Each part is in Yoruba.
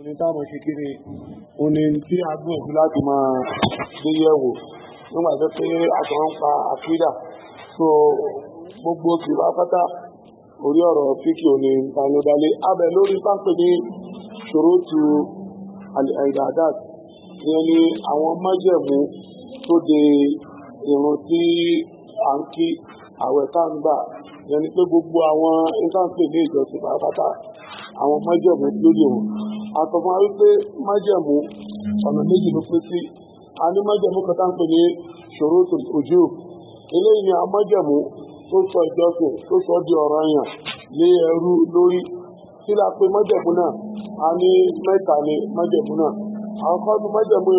òní táwọn ṣe kí ni òní tí a gbìyànjú láti máa gbé yẹ̀wò nígbà tó pé àtọ̀rọ̀ ń pa àkídà so gbogbo kì bá pátá orí ọ̀rọ̀ fíkì òní ìpanilódálé abẹ lórí pápẹ́ ní ṣòro tu àìdàdàt ìyẹn ni àwọn májẹ̀mú tó de ìrùn tí à ń kí àwẹ̀ tá ń gbà ìyẹn ni pé gbogbo àwọn ìtànpè ní ìjọsìn pàápàá àwọn májẹ̀mú lórí òun àtọ̀fún wípé májẹ̀mú ọ̀nà méjì ló pín sí a ní májẹ̀mú kan táǹpẹ̀ ní ṣòro ojú otu ni a májẹ̀mú tó sọ ìjọsìn tó sọ di ọ̀rọ̀ àyàn lé ẹrú lórí kí la pé májẹ̀mú náà a ní mẹ́ta ni májẹ̀mú náà àkọ́kọ́ ní májẹ̀mú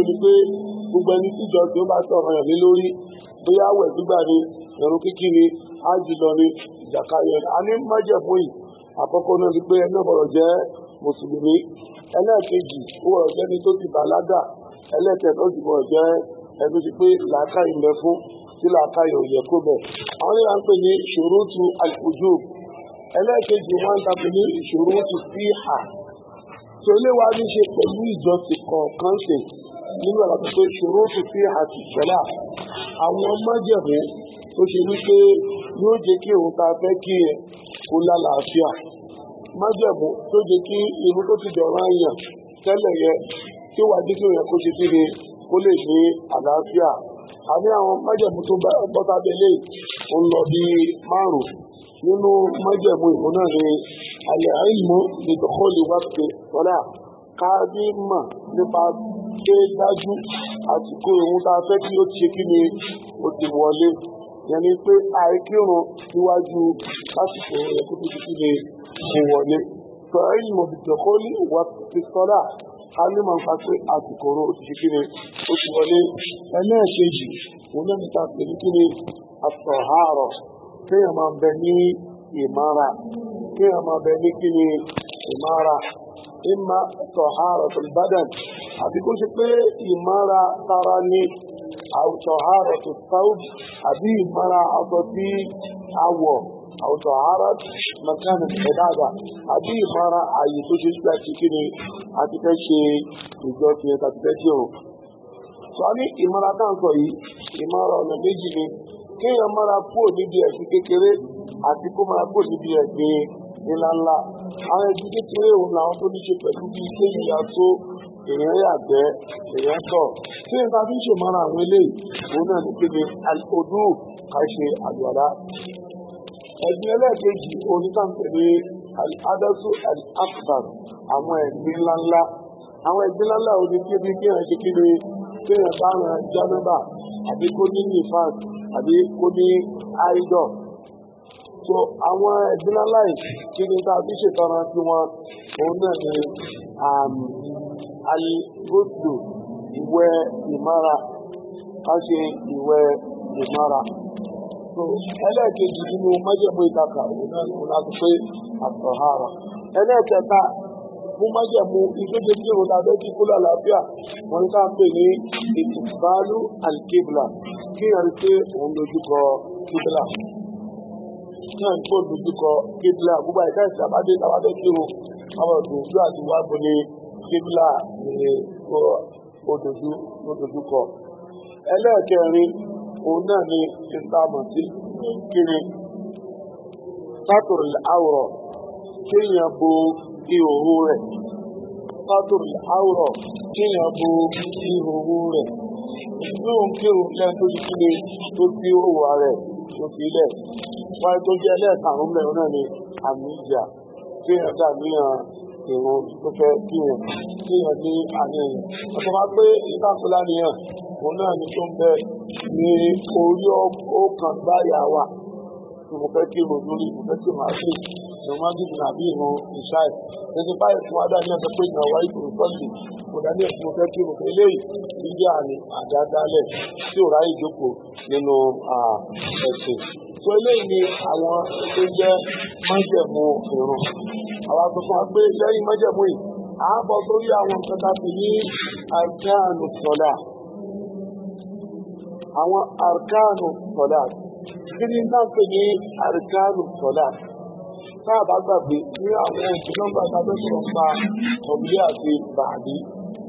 gbogbo a ẹlẹ́ẹ̀kejì ó wọ̀rọ̀ jẹ́ni tó ti bàlágà ẹlẹ́ẹ̀kẹta ó sì wọ̀rọ̀ jẹ́ ẹni tí pé làákàyè ń bẹ fún tí làákàyè ò yẹ kó bẹ̀. àwọn nígbà ń pè ní ṣurutu al-wujub ẹlẹ́ẹ̀kejì wọn ń tàbí ní ṣurutu fiha tí ó lè wá ní ṣe pẹ̀lú ìjọsìn kọ̀ọ̀kan ṣe nínú àlàfo pé ṣurutu fiha ti sọ́lá àwọn mọ́jẹ̀mú tó ṣe wípé yóò jẹ́ kí òun ta fẹ́ kí ẹ kó lálàáfíà májẹ̀mú tó jẹ́ kí irun tó ti dọ̀rọ̀ àyàn tẹ́lẹ̀ yẹ tí wàá jẹ́ kí òyìn kó ṣe kíni kó lè ní àlàáfíà a ní àwọn májẹ̀mú tó bọ́ta bẹ́lẹ̀ ń lọ bí márùn nínú májẹ̀mú ìhun náà ni àlẹ́ àìmọ́ ní dọ́kọ́lì wá pé wọ́lá káàdì mọ̀ nípa pé dájú àsìkò ìhun tá a fẹ́ kí ó ti ṣe kí ni ó ti wọlé yẹn ni pé àìkírun síwájú lásìkò ẹ̀kú tó ti kí ni ṣe wọlé fẹ́ẹ́rì mọ̀bìtẹ̀kọ́lì wà ti sọ́dà a ní máa ń fa pé àsìkò ó ti ṣe kíni ó ti wọlé ẹlẹ́ẹ̀kejì òun náà ti ta pè ní kíni àtọ̀hárọ̀ kéèyàn máa bẹ ní ìmára kéèyàn máa bẹ ní kíni ìmára ìmá tọ̀hárọ̀ tó àbí kó ṣe pé ìmára tara ni àwùjọ̀hárọ̀ tó sáwùd àbí ìmára aṣọ tí a wọ̀ أو طهارة مكان العبادة أبي مرة أي تجلس لكني أتكشي يجوك يتكشي sọ́ni ìmọ̀ra táwọn sọ yìí ìmọ̀ra ọ̀nà méjì ni kéèyàn mọ́ra kúrò níbi ẹ̀sìn kékeré àti kó mọ́ra kúrò níbi ẹ̀sìn ńláńlá àwọn ẹ̀sìn kékeré òun làwọn tó ní ṣe pẹ̀lú bíi kéyìí aṣọ èèyàn yàgbẹ́ èèyàn tọ̀ tí n ta fi ń ṣèmọ́ra àwọn eléyìí òun náà ní kéde odú ká ṣe àlùwàlá ẹ̀gbin ẹlẹ́ẹ̀kejì onítàǹtẹ̀lé adásù akbar àwọn ẹ̀gbin ńláńlá àwọn ẹ̀gbin ńláńlá ò ní kébi kéèyàn kékeré kéèyàn bá ran jánábà àbí kó ní nifas àbí kó ní àìdọ̀ so àwọn ẹ̀gbin ńláńlá yìí kí ni ká fi ṣètọ́ra sí wọn òun náà ni um, aligosu ìwẹ̀ ìmára ká ṣe ìwẹ̀ ìmára so ẹlẹ́ẹ̀kejì nínú májẹ̀mú ìtàkà òun náà ni mo láti pé àtọ̀hárà ẹlẹ́ẹ̀kẹta mú májẹ̀mú ìgbésẹ̀ tí òun lábẹ́ kí kúlọ̀ àlàáfíà wọn ká pè ní ìtìbálú àlìkébùlà kí ẹ̀ rí pé òun dojúkọ kíbùlà kí ẹ̀ rí pé òun dojúkọ kíbùlà gbogbo àìká ìsìn àbádé àbádé kí o àwọn òdòdó àti wáàbò ní kíbùlà ní òdòdó òdòdúkọ ẹlẹ́ẹ̀kẹrin òun náà ni ìsàmọ̀ sí kíni sátòrò àwòrán kéèyàn bo ìhòòhò rẹ̀ sátòrò àwòrán kéèyàn bo ìhòòhò rẹ̀ ìlú òǹkírun lẹ́nu tó yí kíni tó fi òwò rẹ̀ tó fi lẹ̀ wáyé tó jẹ́ lẹ́ẹ̀karùn-ún mẹ́rin náà ni àmì ìjà kéèyàn dàníyàn ìrùn tó fẹ́ kíyàn kéèyàn ní àníyàn ọ̀sán máa pé ìtàkùn láníyàn òun náà ni tó ń bẹ ní orí ọkàn báyà wa tí mo fẹ́ kí ròdú rí mo fẹ́ kí màá sí ní wọ́n dìbò nàbí ìrún ìṣáì tètè báyìí fún adá ní ọjọ́ pé ìgbà wáyé kò sọ́ọ̀tì kò dání ẹ̀sìn mo fẹ́ kí ròdú eléyìí níbi àmì àdádálẹ̀ tí ò ráyè jókòó nínú ẹ̀sìn tó eléyìí ni àwọn tó jẹ́ májẹ̀mú ìrún àwọn akọ̀kọ̀ wa pé lẹ́yìn májẹ̀mú yìí àábọ̀ sórí àwọn nǹkan tá ní àjẹ́ àlùfọ̀dà àwọn arkanu sọlá kí ni náà pè ní arkanu sọlá náà bá gbàgbé ní àwọn oṣù nọ́mbà tàbí sọ̀rọ̀ pa ọ̀bí àti bàbí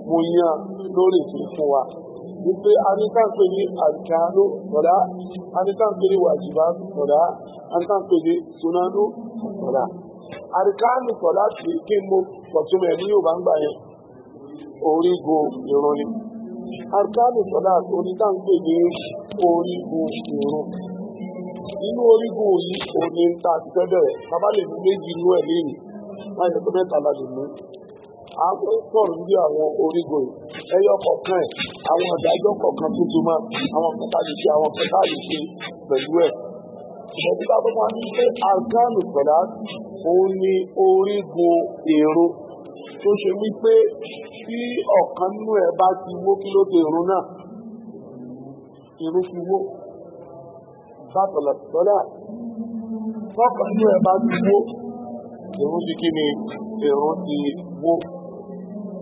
mo yan lórí ìfún fún wa wípé anítàǹpé ní ní sunanu arkanu sọlá kí mo pọ̀túnmẹ̀ ní Yorùbá ń gbà yẹn orígun arkanu sọlá onítàǹpé ní orígun ìrun inú orígun yìí òní ń ta àtijọ́ bẹ̀rẹ̀ bàbá lè mú méjì inú ẹ̀ léèrè láì lè tó mẹ́ta la lè mú àwọn sọ̀rọ̀ ní àwọn orígun yìí ẹyọ kọ̀ọ̀kan ẹ̀ àwọn ìdájọ́ kọ̀ọ̀kan tuntun máa àwọn kọ̀ọ̀kan lè ṣe àwọn kọ̀ọ̀kan lè ṣe pẹ̀lú ẹ̀ ẹ̀bí bá bọ́mọ ní pé àgánù sọ̀lá òun ni orígun èrò tó ṣe wípé tí ọ̀kan nínú ẹ̀ bá ti wó kí ló dé irun náà irun ti wó bàtọ̀lẹ̀ tọ́lá tọ́kan nínú ẹ̀ bá ti wó irun ti kí ni irun ti wó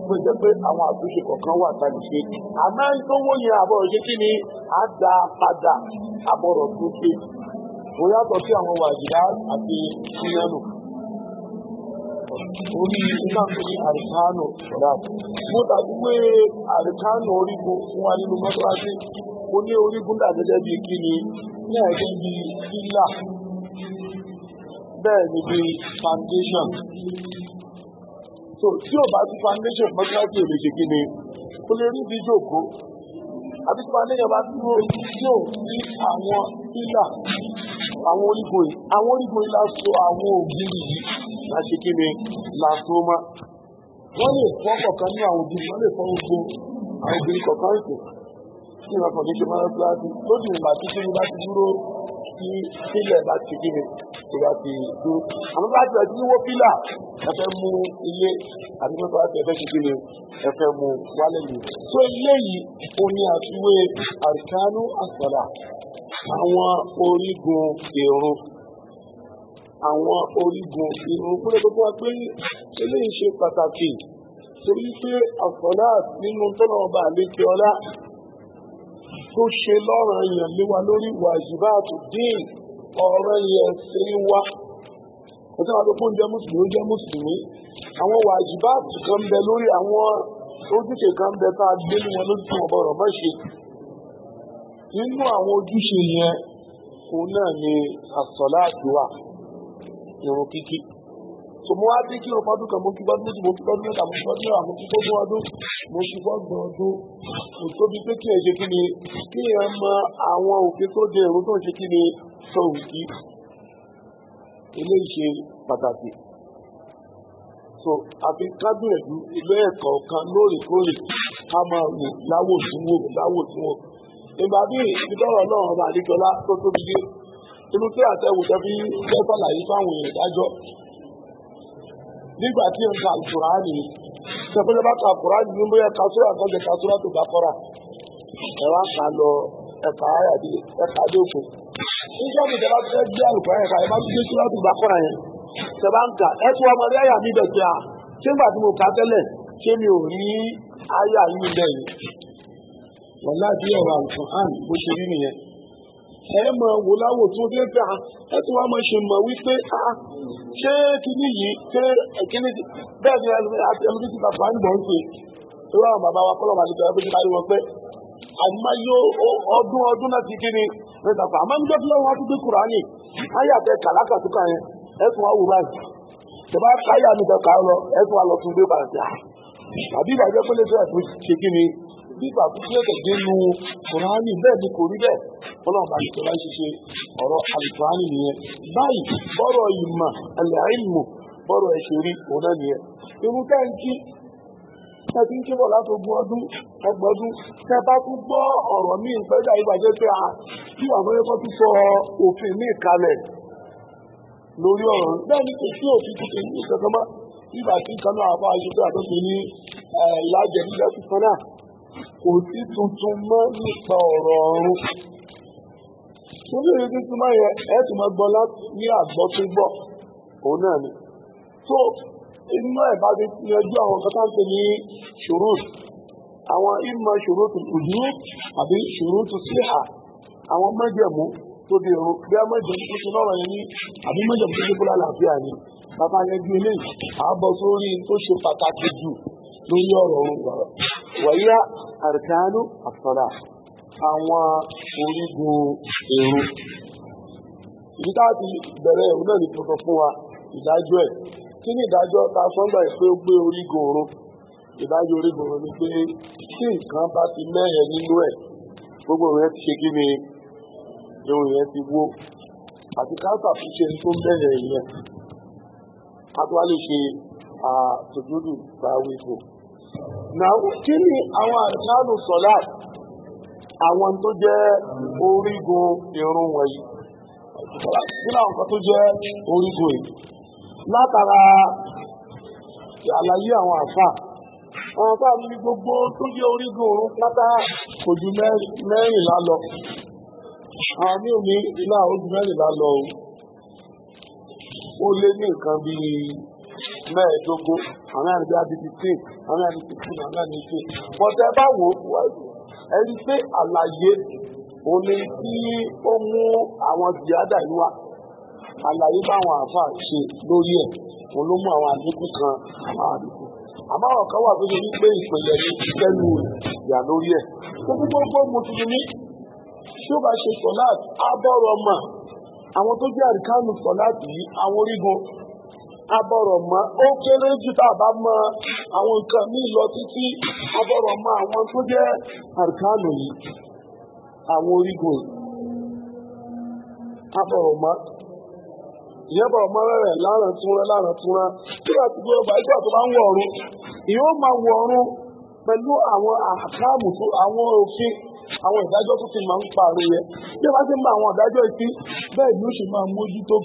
pé jẹ́ pé àwọn àtúnṣe kọ̀ọ̀kan wà tá a lè ṣe àmọ́ yẹn àbọ̀rọ̀ ṣe kí ni á da padà àbọ̀rọ̀ tó ṣe bóyá tọ́ sí àwọn wàjìlá àti sílẹ̀nù orí ìtàkùn ní àríkánù ṣọ̀dá. Mo tàbí pé àríkánù orígun fún wa nínú mọ́tíwájú, ó ní orígun dà gẹ́gẹ́ kí ni ní ẹ̀gẹ́ bí ìlà, bẹ́ẹ̀ ni bí foundation. So tí ò bá sí foundation mọ́tíwájú ò lè ṣe kí ni, ó lè rí bí jòkó. Àbí tí foundation bá dúró yóò ní àwọn ìlà, àwọn orígun yìí, àwọn àwọn ògiri yìí láti kí ni làásùn mọ́. wọ́n lè fọ́ kọ̀ọ̀kan ní àwọn obìnrin wọ́n lè fọ́ gbogbo àwọn obìnrin kọ̀ọ̀kan ìpè tí wọ́n kàn ní ṣe máa ń fúláàtì lójú ìgbà tí kíni bá ti dúró kí sílẹ̀ bá ti kíni tó bá ti dúró. àmọ́ bá ti ọtí wó pílà ẹ fẹ́ mú ilé àti pé bá ti ẹ fẹ́ ṣe kíni ẹ fẹ́ mú wálé mi. tó ilé yìí ó ní àfiwé àríkánú àsàlà àwọn orígun èrò àwọn orígun irun kúrẹ́ gbogbo wa pé eléyìí ṣe pàtàkì torí pé àfọlá nínú tọ́lọ́mọba àlékè ọlá tó ṣe lọ́ràn yẹn lé wa lórí wàjibáàtù dín ọ̀rọ̀ yẹn ṣe ń wá kò sábà tó fún jẹ́ mùsùlùmí jẹ́ mùsùlùmí àwọn wàjibáàtù kan ń bẹ lórí àwọn ojúṣe kan ń bẹ tá a gbé ní wọn lójú wọn bọ̀rọ̀ má ṣe nínú àwọn ojúṣe yẹn òun náà ni àsọ̀lá àdúrà irun kíkí so mo wá dé kí irun fọdún kan mo kí fọdún méjì mo kí fọdún mẹ́ta mo kí fọdún mẹ́wàá mo kí fọdún ọdún mo kí fọdún ọdún kò tóbi pé kí ẹ ṣe kí ni kí ẹ mọ àwọn òfin tó de irun tó ń ṣe kí ni tó ń kí eléyìí ṣe pàtàkì so àfi kábíyèjú lẹ́ẹ̀kọ̀ọ̀kan lóòrèkóòrè ká máa wò láwòsíwò láwòsíwò ìgbà bíi ìdọ́rọ̀ náà ọba àdìjọlá tó tóbi dé inú tí àtẹwò tẹbi tẹsán àyè fáwọn èèyàn dájọ nígbà tí n ka kuraani tẹpẹlẹ bá ka kuraani ní bóyá kasúrò àkọjọ tó lọ ayà nígbà tí tẹbá tẹ gbé bá tún gbé tó bá yẹn wà ayà mi tí mo tẹ́lẹ̀ ṣé mi ò ayà ẹwà bó ṣe rí ẹ máa wò láwò tó dé pé à ẹ tí wàá máa ṣe mọ̀ wípé à ah, ah, ṣé kíní yìí ṣé kíní bẹ́ẹ̀ ni ẹni tí bàbá ń bọ̀ ń pè é wọ́n àwọn bàbá wa kọ́lọ̀ wà nípa ẹgbẹ́ kárí wọn pé àmọ́ ọdún ọdún náà ti kíni rẹ̀ dàpọ̀ àmọ́ ń dọ́tí lọ́wọ́ àti kùránì ayé àtẹ kàlákàtúkà yẹn ẹ̀sùn wa wù báyìí tẹ̀bá káyà mi tọ́lọ́mù bá ṣe láì ṣiṣẹ́ ọ̀rọ̀ àlùfáàní nìyẹn báyìí bọ́rọ̀ ìmọ̀ ẹ̀lẹ́ àìmọ̀ bọ́rọ̀ ẹ̀ṣẹ̀ rí òun náà nìyẹn irú kẹ́ńtì ẹ ti ń kébọ̀ látọ̀gbọ̀n ọdún ẹgbọ̀dún tẹ bá tún gbọ́ ọ̀rọ̀ míì pẹ́jà ìbàjẹ́ pé a kí àwọn ẹ̀kọ́ tún sọ òfin míì kalẹ̀ lórí ọ̀rọ̀ bẹ́ẹ̀ ni kò sí òfin tuntun níbi èyí títí máa yẹ ẹ tún máa gbọ́ láti ní àgbọ́ tó gbọ́ òun náà ni tó inú ẹ̀ bá ti yanjú àwọn kan tá ń pè ní ṣòro àwọn ìmọ̀ ṣòro tó dùdú àbí ṣòro tó síhà àwọn mẹ́jẹ̀mú tó di irun bí a mẹ́jẹ̀mú tó ti lọ́rọ̀ yẹn ní àbí mẹ́jẹ̀mú tó ti kó lálàáfíà ni bàbá yanjú eléyìí àbọ̀ sórí tó ṣe pàtàkì jù lórí ọ̀rọ̀ òun wàyí àrùkánú àwọn orígun èrò ìdí táàbí bẹ̀rẹ̀ ẹ̀rù náà ní tuntun fún wa ìdájọ́ ẹ̀ kí ni ìdájọ́ ta sọ́ńdà ẹ̀ pé ó gbé orígun òru ìdájọ́ orígun òru ni pé tí nǹkan bá ti mẹ́hẹ̀ nínú ẹ̀ gbogbo rẹ̀ ti ṣe kí ni irun yẹn ti wó àti káńsà fi ṣe tó mẹ́hẹ̀ yẹn a tó wá lè ṣe àtòjúdù bá wípò. Nà kí ni àwọn àìsàn àlùsọ̀lá àwọn tó jẹ́ orígun irun wọ̀nyí nínú àwọn kan tó jẹ́ orígun yìí látara àlàyé àwọn àfà àwọn tá ní gbogbo tó jẹ́ orígun òun pátá kò ju mẹ́rìnlá lọ àwọn ní òní ilá ó ju mẹ́rìnlá lọ ó lé ní nǹkan bíi mẹ́ẹ̀ẹ́dógún àwọn àrídá bíi fifteen àwọn àrídá bíi fifteen àwọn àrídá bíi fifteen bọ́tẹ́ báwo wáyé ẹni pé àlàyé òní tí ó mú àwọn jìádà yìí wá àlàyé báwọn àáfàá ṣe lórí ẹ̀ òun ló mú àwọn àdínkù kan àwọn àdínkù àmọ́ àwọn kan wà tó ṣe wípé ìpìlẹ̀ ní kẹ́nu ìyà lórí ẹ̀ tó fi gbogbo mùsùlùmí tí ó bá ṣe sọ̀láàtì á bọ̀rọ̀ mọ̀ àwọn tó jẹ́ àríkánù sọ̀láàtì yìí àwọn orígun abọ̀rọ̀ mọ́ ó kéré jù tá a bá àwọn nǹkan míì lọ títí abọ̀rọ̀ àwọn tó jẹ́ àrùkánù àwọn orígun abọ̀rọ̀ mọ́ ìyẹn bọ̀rọ̀ rẹ̀ láràn túnra láràn túnra kí láti gbé ọba ìgbà tó bá ń ìyẹn ó máa àwọn àkáàmù tó àwọn òfin àwọn tó ti máa ń bí bá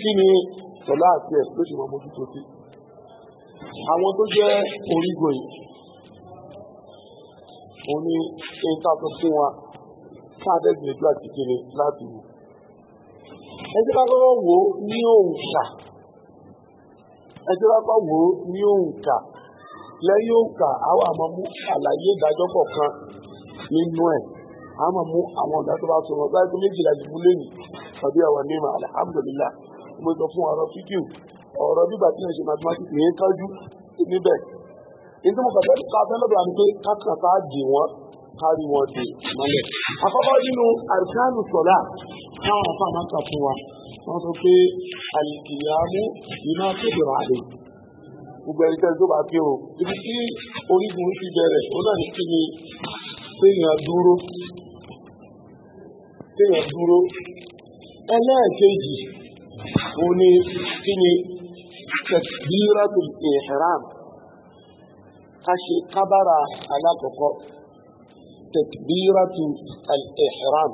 ti ń bá sọlá àti ẹ̀ ló ṣe mọ mójútó sí. àwọn tó jẹ́ orígun yìí òun ni ohun tá a sọ fún wa káàdé gbìyànjú àti kéré láti wò. ẹ jẹ́ ká kọ́kọ́ wò ó ní òǹkà ẹ jẹ́ ká kọ́kọ́ wò ó ní òǹkà lẹ́yìn òǹkà àwọn àmọ́ mú àlàyé ìdájọ́ kọ̀ọ̀kan nínú ẹ̀ àmọ́ mú àwọn ọ̀dà tó bá sọ̀rọ̀ báyìí tó méjìlá ìdìbò lẹ́yìn tàbí àwọn onímọ̀ alhamdulillah mo sọ fún ọ̀rọ̀ fídíò ọ̀rọ̀ bíbà tí wọ́n ṣe mathematics yẹn kájú níbẹ̀ nítorí mo kàfẹ́ káfẹ́ lọ́dọ̀ àti pé kákan ká dì wọ́n kárí wọn dì mọ́lẹ̀. àkọ́kọ́ nínú àríkánù sọ̀lá táwọn afa máa ń kà fún wa wọ́n sọ pé àlìkìyàmú iná kéde ràdé gbogbo ẹni tẹ́lẹ̀ tó bá ké o ibi tí orígun ti bẹ̀rẹ̀ ó náà ní kí ni kéèyàn dúró kéèyàn dúró ẹlẹ́ẹ̀kejì ó ní kí ni takbiratul ihram ká ṣe kábàrà alákọ̀ọ́kọ́ takbiratul ihram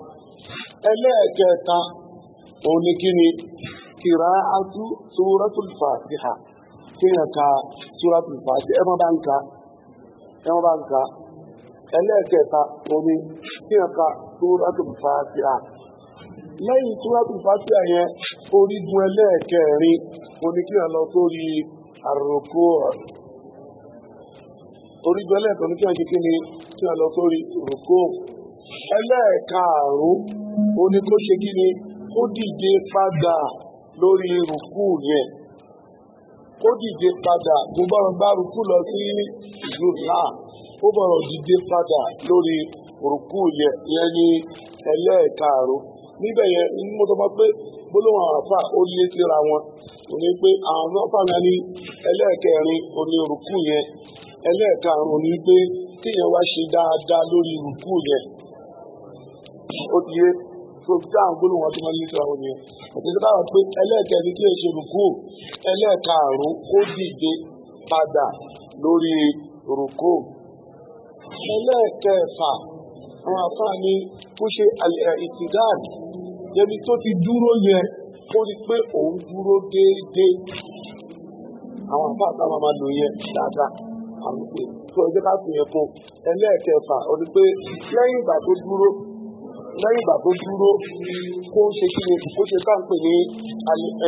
ẹlẹ́ẹ̀kẹta ó ní kí ni kìráàtú suratul fatiha kí ni ka suratul fatiha ẹ má bá ń ka ẹ má bá ń ka ẹlẹ́ẹ̀kẹta ó kí ni ka suratul fatiha lẹ́yìn suratul fatiha yẹn orígun ẹlẹ́ẹ̀kẹrin oníkíyàn lọ sórí àròkó orígun ẹlẹ́ẹ̀kan oníkíyàn ṣe kí ni kí a lọ sórí ròkó ẹlẹ́ẹ̀kaàrún oníkó ṣe kí ni ó dìde padà lórí rùkú yẹn ó dìde padà tó bọ́rọ̀ bá rùkú lọ sí ìlú náà ó bọ̀rọ̀ dìde padà lórí rùkú yẹn yẹn ní ẹlẹ́ẹ̀kaàrún níbẹ̀ yẹn ní mo sọ pé gbólóhùn àwọn àfà ó lé síra wọn kò ní pé àwọn afáàmì ní ẹlẹ́ẹ̀kẹrin oní rùkú yẹn ẹlẹ́ẹ̀karùn ní pé kéèyàn wá ṣe dáadáa lórí rùkú yẹn ó ti yé tó dá àwọn gbólóhùn ọtí wọn ní síra wọn yẹn òtítọ́ báwọn pé ẹlẹ́ẹ̀kẹrin kí èso rùkú ẹlẹ́ẹ̀karùn ó dìde padà lórí rùkú ẹlẹ́ẹ̀kẹfà àwọn afáàmì kó ṣe ìtìdáàdì débi tó ti dúró yẹn kó rí pé òun dúró déédéé àwọn àbáàtà máa máa lò yẹn dáadáa àwọn pé tó ọjọ́ ká fi yẹn fún ẹlẹ́ẹ̀kẹfà ó ní pé lẹ́yìn ìgbà tó dúró lẹ́yìn ìgbà tó dúró kó ṣe kí ni kó ṣe ká ń pè ní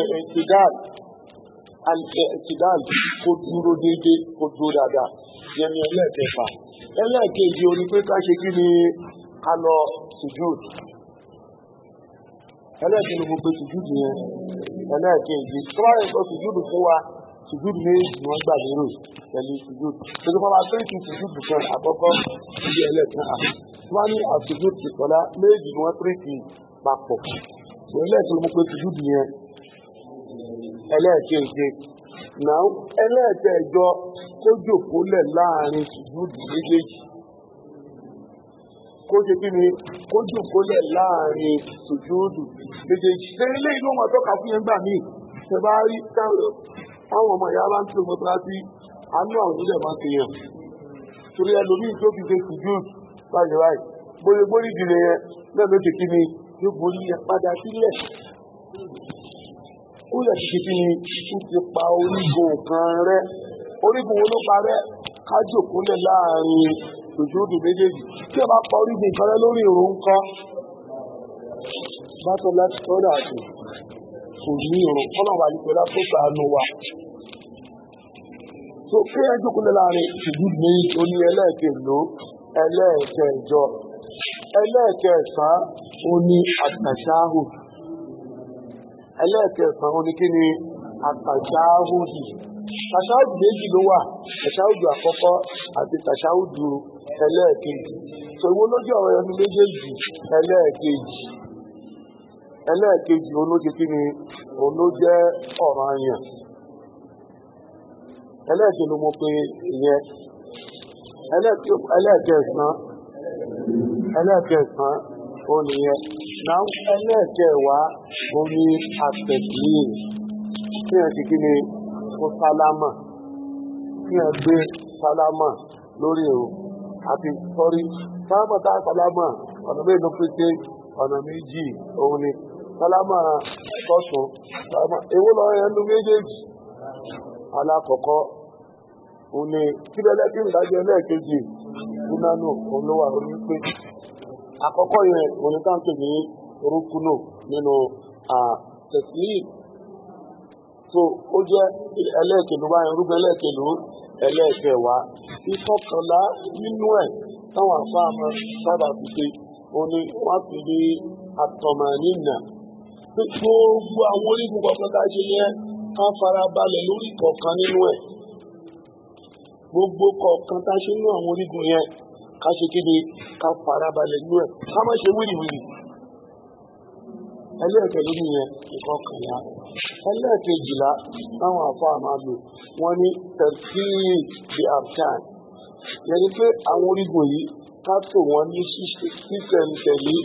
ẹ̀ẹ́dìdáàlì àtìdáàlì kó dúró déédéé kó dúró dáadáa yẹn ni ẹlẹ́ẹ̀kẹfà ẹlẹ́ẹ̀kejì ó ní pé ká ṣe kí ni ká lọ sùjúùdù ẹlẹ́ẹ̀kejì ni gbogbo sùjúdù yẹn ẹlẹ́ẹ̀kejì tó bá yẹ kó sùjúdù fún wa sùjúdù méjì ni wọ́n gbà lérò pẹ̀lú sùjúdù pẹ̀lú fún wa tẹ́lifù sùjúdù kan àkọ́kọ́ ibi ẹlẹ́ẹ̀kan wọ́n ní àsùjúdù ti kọ́lá méjì ni wọ́n tẹ́lifù papọ̀ ẹlẹ́ẹ̀kejì ni gbogbo sùjúdù yẹn ẹlẹ́ẹ̀kejì náà ẹlẹ́ẹ̀kẹjọ kó jòkó lẹ̀ láàrin sùjúdù méjèèjì kó ṣe kí ni kó jòkólẹ̀ láàrin sùjúdù méjèèjì ṣe ilé inú wọn tọ́ka fún yẹn gbà míì ṣe bá rí táwọn àwọn ọmọ ìyá bá ń tún ọmọ tọ́lá sí àánú àwọn onílẹ̀ máa ń fi hàn torí ẹlòmíì tó fi ṣe sùjúdù báyìí báyìí bóyá gbórí ìdílé yẹn náà ló ṣe kí ni yóò borí yẹn padà sílẹ̀ ó yẹ kí kí ni ó ti pa orígun kan rẹ orígun wo ká sùjúdù méjèèjì tí o bá pa orígun kan rẹ lórí ìrun ńkọ́ bákan láti tọ́lá àti kò ní ìrun kọ́nà wà ní pẹ̀lú àkókò àánú wa tó kí ẹ jókòó láàrin sùjúdù méjì tó ní ẹlẹ́ẹ̀kẹ́ló ẹlẹ́ẹ̀kẹjọ ẹlẹ́ẹ̀kẹsàn-án ó ní àtàṣáhù ẹlẹ́ẹ̀kẹsàn-án ó ní kí ni àtàṣáhù yìí tàṣáhù méjì ló wà tàṣáhù àkọ́kọ́ àti tàṣáhù dúró ẹlẹ́ẹ̀kejì so ìwọ ló jẹ́ ọ̀rọ̀ ẹnu méjèèjì ẹlẹ́ẹ̀kejì ẹlẹ́ẹ̀kejì olóje kí ni olójẹ́ ọ̀rọ̀ àyàn ẹlẹ́ẹ̀kejì ló mọ̀ pé ìyẹn ẹlẹ́ẹ̀kẹsàn ẹlẹ́ẹ̀kẹsàn ó nìyẹn náà ẹlẹ́ẹ̀kẹwàá ó ní àtẹ̀kìlì kí ẹ̀ sì kí ni ó sálámà kí ẹ gbé sálámà lórí ìrùn àti sọ́rí sálámà tá sálámà ọ̀nà mẹ́rin ló pín sí ọ̀nà méjì òun ni sálámà sọ́sùn sálámà èwo lọ ẹnu méjèèjì alákọ̀ọ́kọ́ òun ni kílẹ̀lẹ́ kí ìdájọ́ ẹlẹ́ẹ̀kejì kúnánù òun ló wà lórí pé àkọ́kọ́ yẹn òun ni táǹkì ẹlẹ́ẹ̀kẹwàá ìtọ́kànlá nínú ẹ̀ táwọn àfáàmọ́ sábà fi ṣe òun ni wọ́n fi ní àtọ̀mọ̀nìyàn pé gbogbo àwọn orígun kọ̀ọ̀kan tá a ṣe yẹn ká fara balẹ̀ lórí kọ̀ọ̀kan nínú ẹ̀ gbogbo kọ̀ọ̀kan tá a ṣe nínú àwọn orígun yẹn ká ṣe kéde ká fara balẹ̀ nínú ẹ̀ ká má ṣe wíriwíri ẹlẹ́ẹ̀kẹ́ lórí yẹn ìkọ̀ọ̀kan yàrá ẹlẹ́ẹ̀kejìlá àwọn àfa àmàlò wọn ní tẹ̀síìrì di afghan yẹni pé àwọn orígun yìí ká tò wọ́n ní sísẹ̀ntẹ̀lé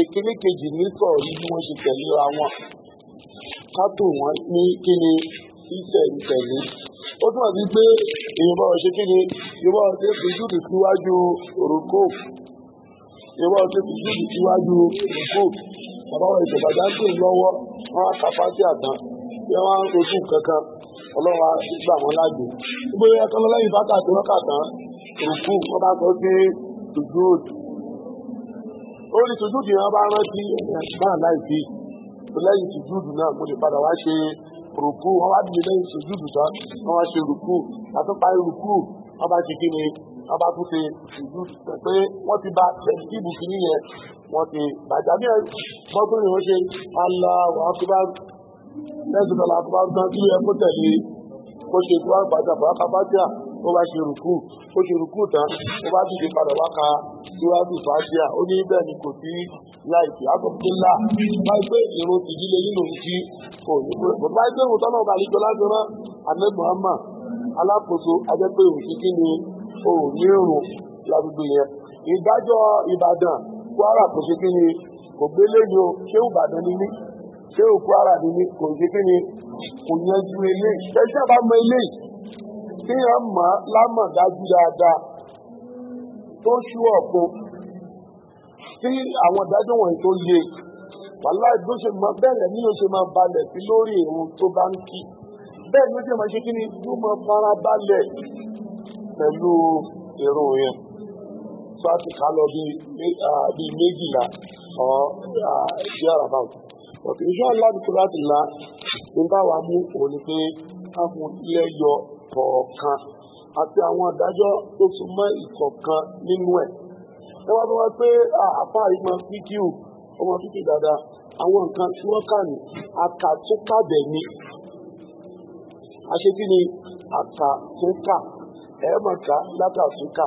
ìkíní kejì nípa orí bí wọ́n ṣe tẹ̀lé ra wọn ká tò wọ́n ní kíni sísẹ̀ntẹ̀lé ó túmọ̀ sí pé ìyọ̀bá ọ̀ṣẹ́ kíni ìyọ̀bá ọ̀ṣẹ́ fi júùdù síwájú òrùkó ìyọ̀bá ọ̀ṣẹ́ fi júùdù síwájú òrùkó bàbá wa ìṣèbàjá ń lọ́wọ́ wọ́n á kápá sí àtàn bí wọ́n á ń kojú kankan ọlọ́run á gbà wọ́n láàyè gbogbo ẹ̀kan lọ́lẹ́yìn bá kàtó lọ́kà tán òkú wọ́n bá sọ sí tùdúùd ó ní tùdúùd yẹn bá rántí náà láìsí lẹ́yìn tùdúùd náà mo lè padà wá ṣe rùkú wọ́n wá dìde lẹ́yìn tùdúùd tán wọ́n wá ṣe rùkú àtúpa rùkú wọ́n bá ti kí ni wọ́n bá tún ṣe tùdúùd pé wọ́n ti ba tẹ̀síìbù wọ́n ti bàjá bí ọkùnrin wọ́n ṣe aláwọ̀ akúbá lẹ́sùn lọ́la akúbá gan kí ẹ kó tẹ̀lé kó ṣe tó àgbàjà bàákà bájà ó bá ṣe rùkú ó ṣe rùkú tán ó bá dìde padà wáka síwájú fàájà ó ní bẹ́ẹ̀ ni kò sí láìsí agbọ̀nbíńlá láì pé ìró ìdílé nínú ìdí kò ní pé kò láì pé òun tọ́lọ́ ìbàlejò láti rán ahmed muhammad alákòóso ajẹ́pẹ́ òun ti kí ni òun ní ìrùn lágbègbè yẹn ìdájọ́ ìbàdàn Kwara kò ṣe kí ni kò gbé léyìn o ṣé Ìbàdàn ni mí ṣé Kwara ni mí kò ṣe kí ni kò yanjú eléyìí ṣẹṣẹ bá mọ eléyìí kéèyàn mọ lámọ dájú dáadáa tó ṣú ọ̀pọ̀ tí àwọn ìdájọ́ wọ̀nyí tó yé wàhálà bó ṣe mọ bẹ́ẹ̀ ni yóò ṣe máa balẹ̀ sí lórí ìrun tó bá ń kí bẹ́ẹ̀ ni ó ṣe máa ṣe kí ni yóò fara balẹ̀ pẹ̀lú ìrun yẹn sáàtì ká lọ bí méjìlá or share about but inshallah bí kúláàtì ńlá nígbà wàá mú òun ni pé ká fún ilé yọ kọ̀ọ̀kan àti àwọn adájọ́ tó tún mọ́ ìkọ̀ọ̀kan nínú ẹ̀ ẹ wá fún wa pé àpá ìmọ̀ píkìú ọmọ píkìú dáadáa àwọn nǹkan tí wọ́n kà ní àkàtúnkàbẹ̀ ni àṣekí ni àkàtúnkà ẹ̀ẹ́mọ̀ká látàtúnkà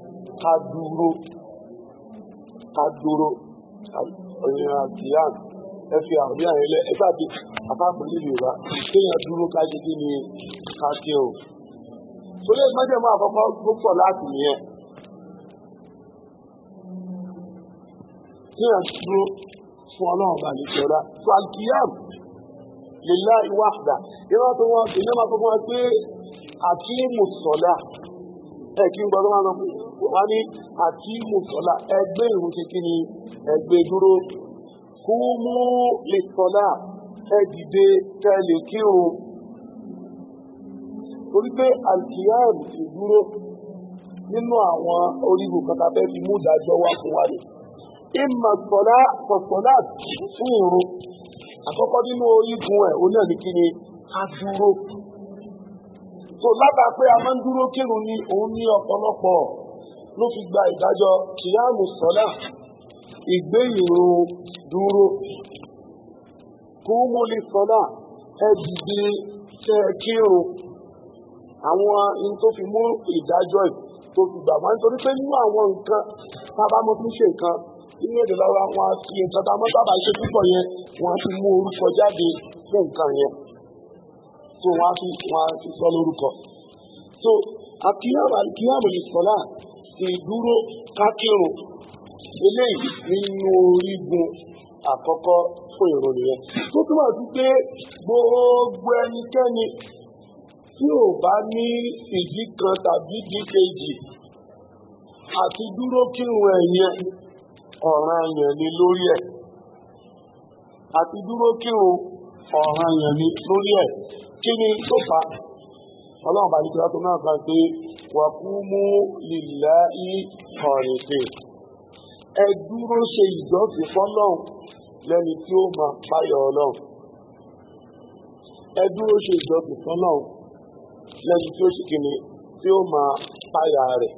ká dúró ká dúró ọ̀yìn àti yàn ẹ fi àbí àyìn lẹ ẹ sáà ti àpapọ̀ ní yorùbá kéèyàn dúró ká ṣe kí ni ká ṣe o. tó lè gbọ́dọ̀ mú àkọ́kọ́ tó pọ̀ láti yẹn. kéèyàn dúró fún ọlọ́run bá lè jọra tó àkíyàn lè lá ìwà àdá ìwà tó wọn èèyàn máa tó wọn pé àti mùsọ̀lá ẹ̀ kí n gbọ́dọ̀ máa lọ fún wọ́n ní àti mùsọ̀lá ẹgbẹ́ ìrun ṣe kí ni ẹgbẹ́ e dúró kú mú lè sọ̀lá ẹdìdé tẹ́lẹ̀ kírun torí pé alkiyam ti dúró nínú àwọn orígun kan tàbí fi mú ìdájọ́ wá fún wa rẹ̀ ìmọ̀ sọ̀lá sọ̀sọ̀lá fún ìrun àkọ́kọ́ nínú orígun ẹ̀ òun náà ní kí ni a dúró so lábàá pé a máa ń dúró kírun ni òun ní ọ̀pọ̀lọpọ̀ ló fi gba ìdájọ́ kìyàmù sọ́lá ìgbé ìrun dúró kúmúlì sọ́lá ẹ̀dìdì kẹ́ẹ̀kírun àwọn in tó fi mú ìdájọ́ tó fi gbà wọ́n nítorí pé nínú àwọn nǹkan tábà mọ́ fi ń ṣe nǹkan nínú èdè lọ́wọ́ wọn á fi nǹkan tá a mọ́ sábà ṣe púpọ̀ yẹn wọ́n á fi mú orúkọ jáde fún nǹkan yẹn tó wọ́n á fi sọ lórúkọ. so àkíyàmù àkíyàmù lè sọ́lá ìdúró kákírun eléyìí nínú orígun àkọ́kọ́ fún ìrun nìyẹn tó túmọ̀ sí pé gbogbo ẹnikẹ́ni tí ò bá ní ìdí kan tàbí ìdí kejì àti dúró kírun ẹ̀yẹn ọ̀ràn yẹn ni lórí ẹ̀ àti dúró kírun ọ̀ràn yẹn ni lórí ẹ̀ kí ni tó fà ọlọ́run bá ní kí látọ̀ náà gbà pé wàkúmú lìlá í kọ̀ọ̀nìtì ẹ dúró ṣe ìjọsìn fọ́lọ́run lẹ́ni tí ó máa páyọ ọlọ́run ẹ dúró ṣe ìjọsìn fọ́lọ́run lẹ́ni tí ó sì kìíní tí ó máa páyà rẹ̀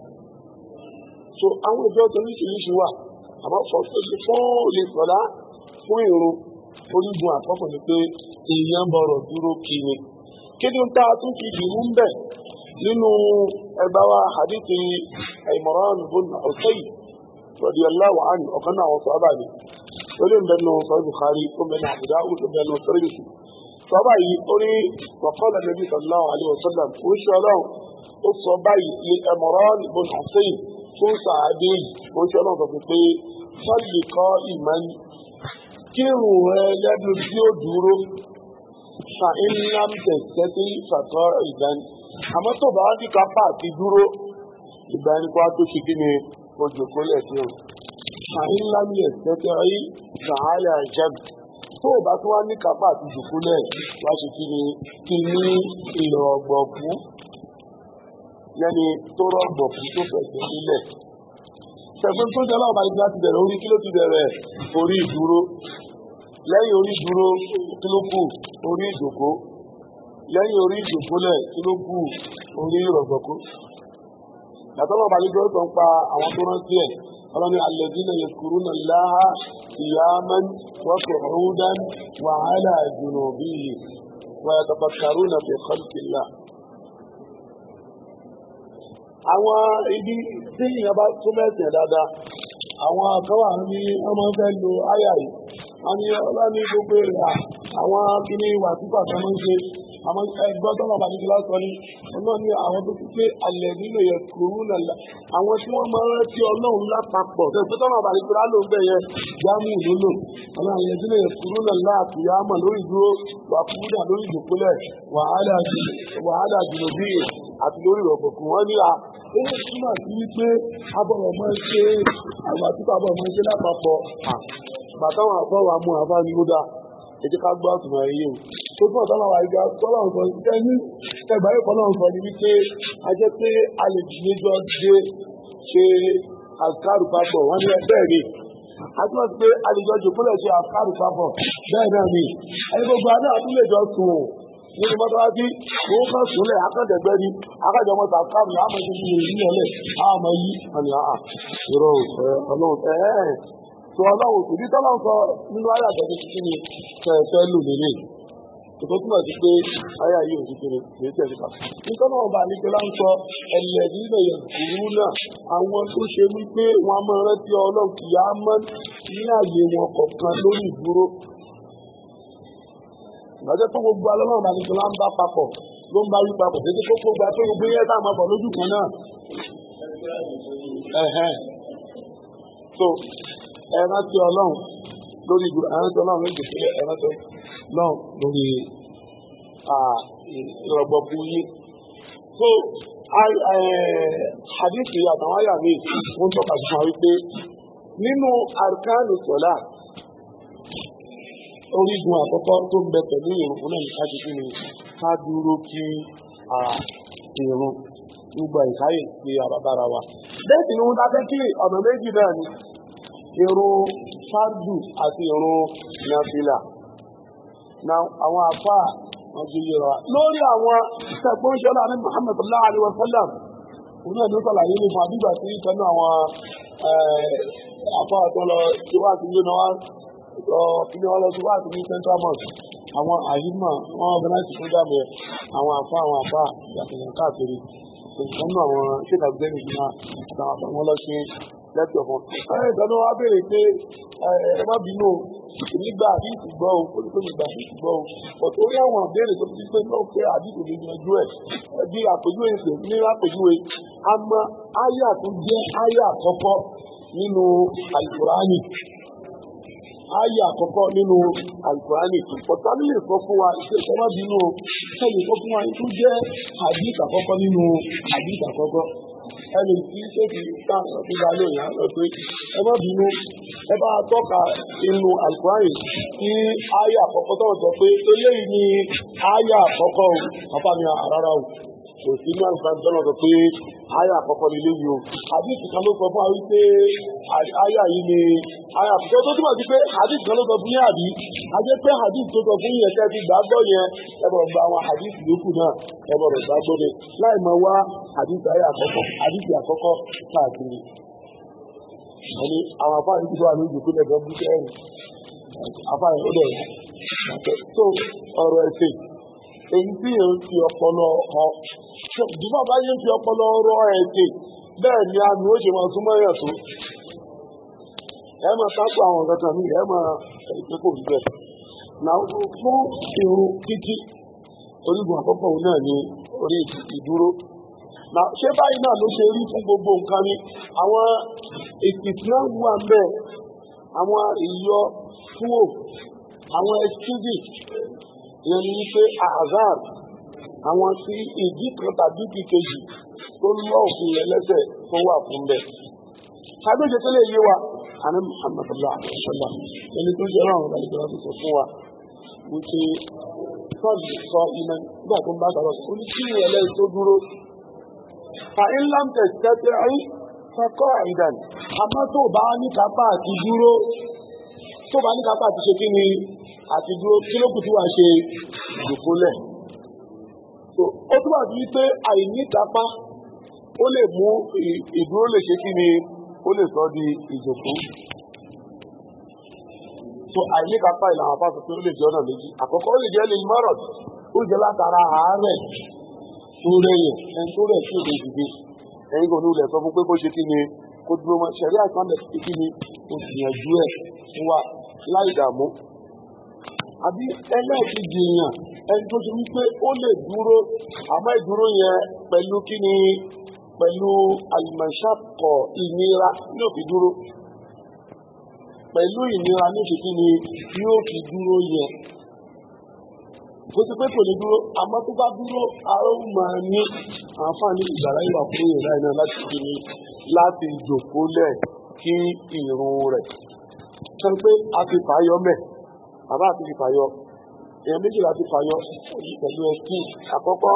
so àwọn ìjọsìn oríṣiríṣi wà àmọ́ fọ́sọ́sí fún olè sọ́lá fún ìrun orígun àkọ́kọ́ ni pé èèyàn bọ̀rọ̀ dúró kí ni kí ni ń tá a tún kí jù ń bẹ̀ nínú ẹgbàwá hadithi Imran bin Husayn radiyallahu anhu ọ̀kan náà wọ́n sọ ọ́bà ni lórí ń bẹnu sọ́yìn Bukhari ó bẹnu Abu Dawud ó bẹnu sọ́yìn sí sọ́bà yìí ó ní wàkọ́lá nàbí sallallahu alayhi wa sallam ó ṣe ọlọ́run ó sọ báyìí ní Imran bin Husayn tó ń sàádé yìí ó ṣe ọlọ́run sọ pé sọ́yìn kọ́ ìmọ̀ni kírun rẹ lẹ́nu tí ó dúró fa ilam tẹ̀sẹ̀ tí fàtọ́ ìdánilẹ́ àmọ́ tó bá ní kápá àti dúró ìgbà ẹni kó a tó ṣe kí ni wọ́n jòkó lẹ́sìn o. ṣàyìn ńlá ní ẹ̀sẹ̀ tẹ́ ayé ṣàhálà ìjẹ́bù tó o bá tún wá ní kápá àti jòkó lẹ̀ wá ṣe kí ni kí ní ìrọ̀gbọ̀kú yẹni tó rọ̀gbọ̀kú tó fẹ̀sẹ̀ nílẹ̀. ṣẹ̀fún tó jẹ́ láwọn balùwẹ̀ ti bẹ̀rẹ̀ orí kí ló ti bẹ̀rẹ̀ orí ìdúró lẹ́yìn orí ìdúró kí ló kù orí ìdòkó lẹ́yìn orí ìṣòfólẹ̀ tí ló kù orí ìrọ̀gbọ̀kú látọ́lọ́ bá nígbà tó ń pa àwọn tó rántí ẹ̀ ọlọ́ni alladhina yadhkuruna Allaha qiyaman wa qu'udan wa 'ala junubihim wa yatafakkaruna fi khalqillah àwọn ibi tí ìyẹn bá tún mẹ́sìn dáadáa àwọn akọ́wà ní ọmọ fẹ́ lo áyà yìí wọ́n ní ọlọ́ni gbogbo èrè àwọn kíní ìwà pípà tó ṣe àwọn ẹgbẹ́ tọ́lọ̀ bá nígbà sọ ni ọlọ́run ní àwọn tó ti pé alẹ́ nínú yẹn kúrú nàlá àwọn tí wọ́n máa ń rántí ọlọ́run lápapọ̀ ẹgbẹ́ tọ́lọ̀ bá nígbà ló ń bẹ̀ yẹn jámù lólò àwọn alẹ́ nínú yẹn kúrú nàlá àtìyámọ̀ lórí dúró wà kúrúdà lórí ìdòkúlẹ̀ wàhálà jùlọbí àti lórí ìrọ̀gbọ̀kùn wọn ní a ó túmọ̀ sí wípé abọ̀rọ̀ máa ń ṣe àwọn àtúntò abọ̀rọ̀ máa ń ṣe lápapọ̀ bàtàwọn àfọwọ́ àmú àfáàní ó dáa ẹ jẹ́ ká gbọ́ àtùmọ̀ ẹ̀yẹ o tó bọ̀ tọ́lọ́wà ìgbà tọ́lọ́wà sọ ìtẹ́yìn ẹgbàáyé fọlọ́wà sọ ní wípé a jẹ́ pé a lè dìde jọ dé ṣe àkárù papọ̀ wọ́n ní bẹ́ẹ̀ ni a ti wọ́n ti pé a lè jọ jòkúnlẹ̀ ṣe àkárù papọ̀ bẹ́ẹ̀ náà ni ẹni gbogbo àná àtúnlè jọ sùn nínú mọ́tọ́lájú tó ń kàn sílẹ̀ akẹ́dẹ̀gbẹ́ ni akẹ́dẹ̀ ọmọ sàkáàmù àmọ́ ti fi yìí nílẹ̀ àmọ́ yí àmì àà ìrọ̀ ọlọ́run ẹ̀ẹ́ tó ọlọ́run òbí tọ́lọ́run sọ nínú ayé àtẹ̀jẹ́ kíkí ni fẹ́ẹ́ fẹ́ lù nílé yìí tó túmọ̀ sí pé ayé ayé òsì kéré kìí tẹ̀lé pa. nítorí náà ọba àlejò là ń sọ ẹlẹ́ nílẹ̀ yẹn kúrú náà àwọn tó ṣe wípé wọn máa rántí ọlọ́run kì í á mọ́ ní àyè wọn kọ̀ọ̀kan lórí ìdúró. ìgbàjẹ́ tó gbogbo alọ́run ọba àlejò là ń bá papọ̀ ló ń bá yí papọ̀ títí kó kó gba tó gbogbo yẹn tá a máa bọ̀ lójú kan náà. so ẹ rántí ọlọ́run lórí ìdúró ẹ rántí ọlọ́run lórí ìdúró náà lórí ìrọ̀gbọ̀bù yé. so hadith àtàwọn àyà mi ń tọ́ka sí wọn wípé nínú arkanu sọlá orígun àkọ́kọ́ tó ń bẹ pẹ̀lú ìrùkún náà nìkan ti kíni ká dúró kí ìrùn gbogbo ìkáyè sí àbábára wa. bẹ́ẹ̀ sì ni wọ́n dákẹ́ kí ọ̀nà méjì náà ni ìrùn fardu àti ìrùn nàfìlà na àwọn àfa wọn ti yẹra lórí àwọn ìṣẹ̀gbọ́n ṣe láàrin Muhammad sallallahu alayhi wa sallam òun náà ló sàlàyé nípa àdúgbà tí ìkan náà àwọn eh, àfa àtọ́lọ tí wàá ti yẹn náà lọ kí ni wọ́n lọ sí wàá ti ní central mosque àwọn àyímọ̀ wọn organize program yẹn àwọn àfa àwọn àfa ìyàtọ̀yàn káàkiri ìkan náà àwọn ṣèkà gbẹ́ni ìgbìmọ̀ àtàwọn àtàwọn lọ ṣe lẹ́tọ̀ kan. ẹ̀ ìdáná wa béèrè pé eh, ẹ má bínú èmi gba àdìsí gbọ́ o ó ní pé mi gba àdìsí gbọ́ o ọ̀tọ̀ orí àwọn àbẹ̀rẹ̀ tó ti pé náà pé àdìsí mi yanjú ẹ̀ bí àpèjúwe ṣe ní àpèjúwe a mọ àyà tó jẹ́ àyà àkọ́kọ́ nínú àlùkùránì àyà àkọ́kọ́ nínú àlùkùránì ọ̀tá mi lè sọ fún wa ṣé ìṣọ́nà bínú o ṣé lè sọ fún wa tó jẹ́ àdìsí àkọ́kọ́ nínú àdìsí àkọ́kọ́ ẹni tí ṣé kì í ká àtúndà lóyún á lọ pé ẹ má bínú ẹbá tọ́ka inú alukurani tí ayé àkọ́kọ́ tọ́wọ́ sọ pé eléyìí ni ayé àkọ́kọ́ o bàbá mi àrárá o kò sí inú alukurani tọ́wọ́ sọ pé aya àkọ́kọ́ ni eléyìí o àdìsí kan ló sọ fún wípé aya yìí ni aya àkọ́kọ́ tó túmọ̀ sí pé àdìsí kan ló sọ fún àbí ajẹ́ pé àdìsí tó sọ fún ti yẹn gba ẹni àwọn afáà níbi tó wà ní ìjòkó lẹ́gbẹ̀ẹ́ bí iṣẹ́ ẹ̀rù afáà yẹn ó dẹ̀ ọrụ ọ̀rọ̀ ẹ̀sẹ̀ èyí tí yẹn ń fi ọpọlọ ọ jùlọ bá yẹn ń fi ọpọlọ ọ̀rọ̀ ẹ̀sẹ̀ bẹ́ẹ̀ ni àmì ó ṣe máa súnmọ́ yẹn ṣé báyìí náà ló ṣe rí fún gbogbo nǹkan ni àwọn ìpìtìlá wà ń bẹ àwọn ìyọ kúrò àwọn ẹsíkúdì ìyẹn ni wípé azar àwọn tí ìdí kan tàbí kìkejì tó lọ òfin rẹ lẹ́sẹ̀ tó wà fún bẹ́ẹ̀. kábíyèsí tó lè yé wa àní muhammadulá àṣọlá ẹni tó jẹ́ ọ̀rọ̀ àwọn ìgbàlejò sọ fún wa wípé tọ́jú sọ iná nígbà tó ń bá sọ̀rọ̀ ó ní kí ìrẹ̀lẹ̀ tó dúró فإن لم تستطع فقاعدا àmọ́ tó bá ní kápá àti dúró tó bá ní kápá àti ṣe kí ni àti dúró kí ló kù tí wàá ṣe ìdòkólẹ̀ ó túbọ̀ sí wípé àìní ó lè mú ìdúró lè ṣe kí ni ó lè sọ di ìjòkó so àìní ìlànà àpapọ̀ pé lè jẹ́ ọ̀nà méjì àkọ́kọ́ ó lè jẹ́ lè mọ́rọ̀ ó jẹ́ látara àárẹ̀ tó rẹ̀yẹ̀ ẹni tó rẹ̀ sí òde ìdìbò ẹ̀yìn kò ní ilẹ̀ sọ fún ni kó dúró mọ́ ṣẹ̀rí àtàndẹ̀ sí kí ni kó gbìyànjú ẹ̀ wà láì dààmú. àbí ẹlẹ́ẹ̀kejì èèyàn ẹni tó ṣe wípé ó lè dúró àmọ́ ìdúró yẹn pẹ̀lú kí ni pẹ̀lú àlùmọ̀ṣàkọ̀ ìnira yóò fi dúró pẹ̀lú ìnira ní òṣèkí yóò fi dúró yẹn kò sí pé kò ní dúró àmọ́ tó bá dúró ara ó máa ní àǹfààní ìgbàlá ìwà fún ìrìn àìná láti fi ní láti jókòó lẹ̀ kí ìrun rẹ̀ sọ pé a ti fàáyọ mẹ́ àbá àti ti fàáyọ èèyàn méjìlá ti fàáyọ pẹ̀lú ẹtí àkọ́kọ́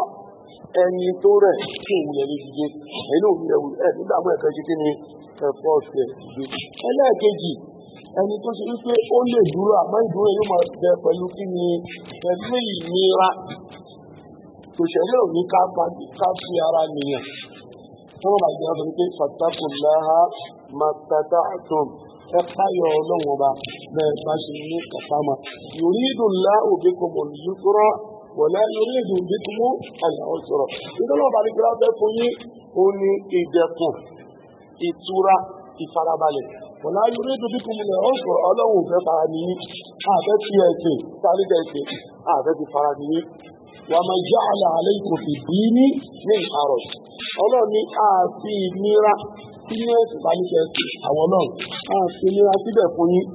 ẹni tó rẹ̀ kí òun yẹn ní dìde ẹ̀yin òun yẹn wù ẹ̀ nígbà mọ́ ẹ̀kẹ́ ṣe ni ẹ̀fọ́ ọ̀sẹ̀ ìdí ẹlẹ́ẹ̀kejì ẹni tó ṣe wípé ó lè dúró àmọ́ ìdúró yóò máa bẹ pẹ̀lú kí ni pẹ̀lú ìnira tòṣẹ̀lẹ̀ òní ká fi ara nìyàn tó wọ́n bá jẹ́ ọ̀sán pé fatakullaha mastata'tum ẹ páyọ̀ ọlọ́wọ́n ọba bẹ́ẹ̀ bá ṣe ní kàfámà yuridullahu bikumul yusra wala yuridu bikumul usra nítorí ọba ní kíláàsì fún yín ó ní ìdẹ̀kùn ìtura ìfarabalẹ̀. Bọ̀lá Yorùbá ètò bí kùmùlẹ̀ ó sọ ọlọ́run òfẹ́ fara nìyí. Àfẹ́ ti ẹ̀sìn sáré ẹ̀sìn àfẹ́ ti fara nìyí. Wà máa já àlà àlẹ́ kò sì bí ní ní ìparọ̀. Ọlọ́run ní àti ìnira tí ní ẹ̀sìn bá ní kẹ́sìn àwọn náà. Àti ìnira síbẹ̀ fún yín.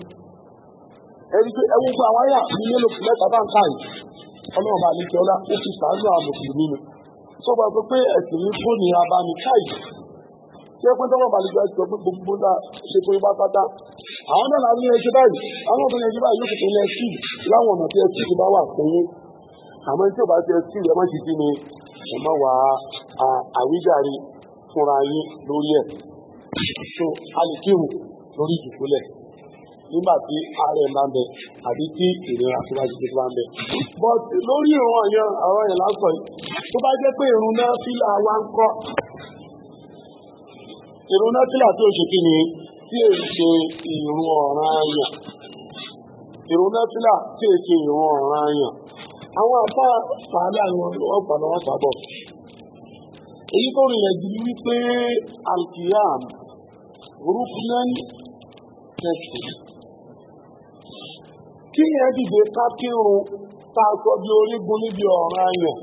Ẹni pé ẹwú gba àwọn ní mélòó mẹ́ta bá ń ká yìí. Ọlọ́run bá ní kí ọlá ó fi sàánú àwọn mùsùlùmí ni. sọ ṣé pé tọ́wọ́ balùwẹ̀ ẹ̀ sọ pé gbogbo náà ṣe pé wá pátá. àwọn náà láti yanjú báyìí àwọn tó yanjú báyìí yóò fi tẹ̀lé ẹtì láwọn ọ̀nà tí ẹtì ti bá wà sẹ́yìn àmọ́ tí ò bá ti ẹtì ẹ má ti kí ni ẹ má wà á àwíjàre fúnra yín lórí ẹ̀ so a lè lórí ìdìkúlẹ̀ nígbà tí ààrẹ máa ń bẹ àbí tí ìrora tó bá ń bẹ. but lórí ìrún ọ̀yàn ọ̀rọ̀ yẹn lásán yìí tó bá jẹ́ pé ìrún náà fílà wa ń kọ́ ìrun náfìlà tí ó ṣe kí ni tí è ṣe ìrun ọ̀ràn ayàn ìrun náfìlà tí è ṣe ìrun ọ̀ràn ayàn àwọn àpá sàálà ni wọ́n gbà lọ́wọ́ sábọ̀ èyí tó rìnlẹ̀ jù ní wípé alkiyam rúkúnán tẹ̀sí kí yẹn dìde ká tá a sọ bí orígun níbi ọ̀ràn ayàn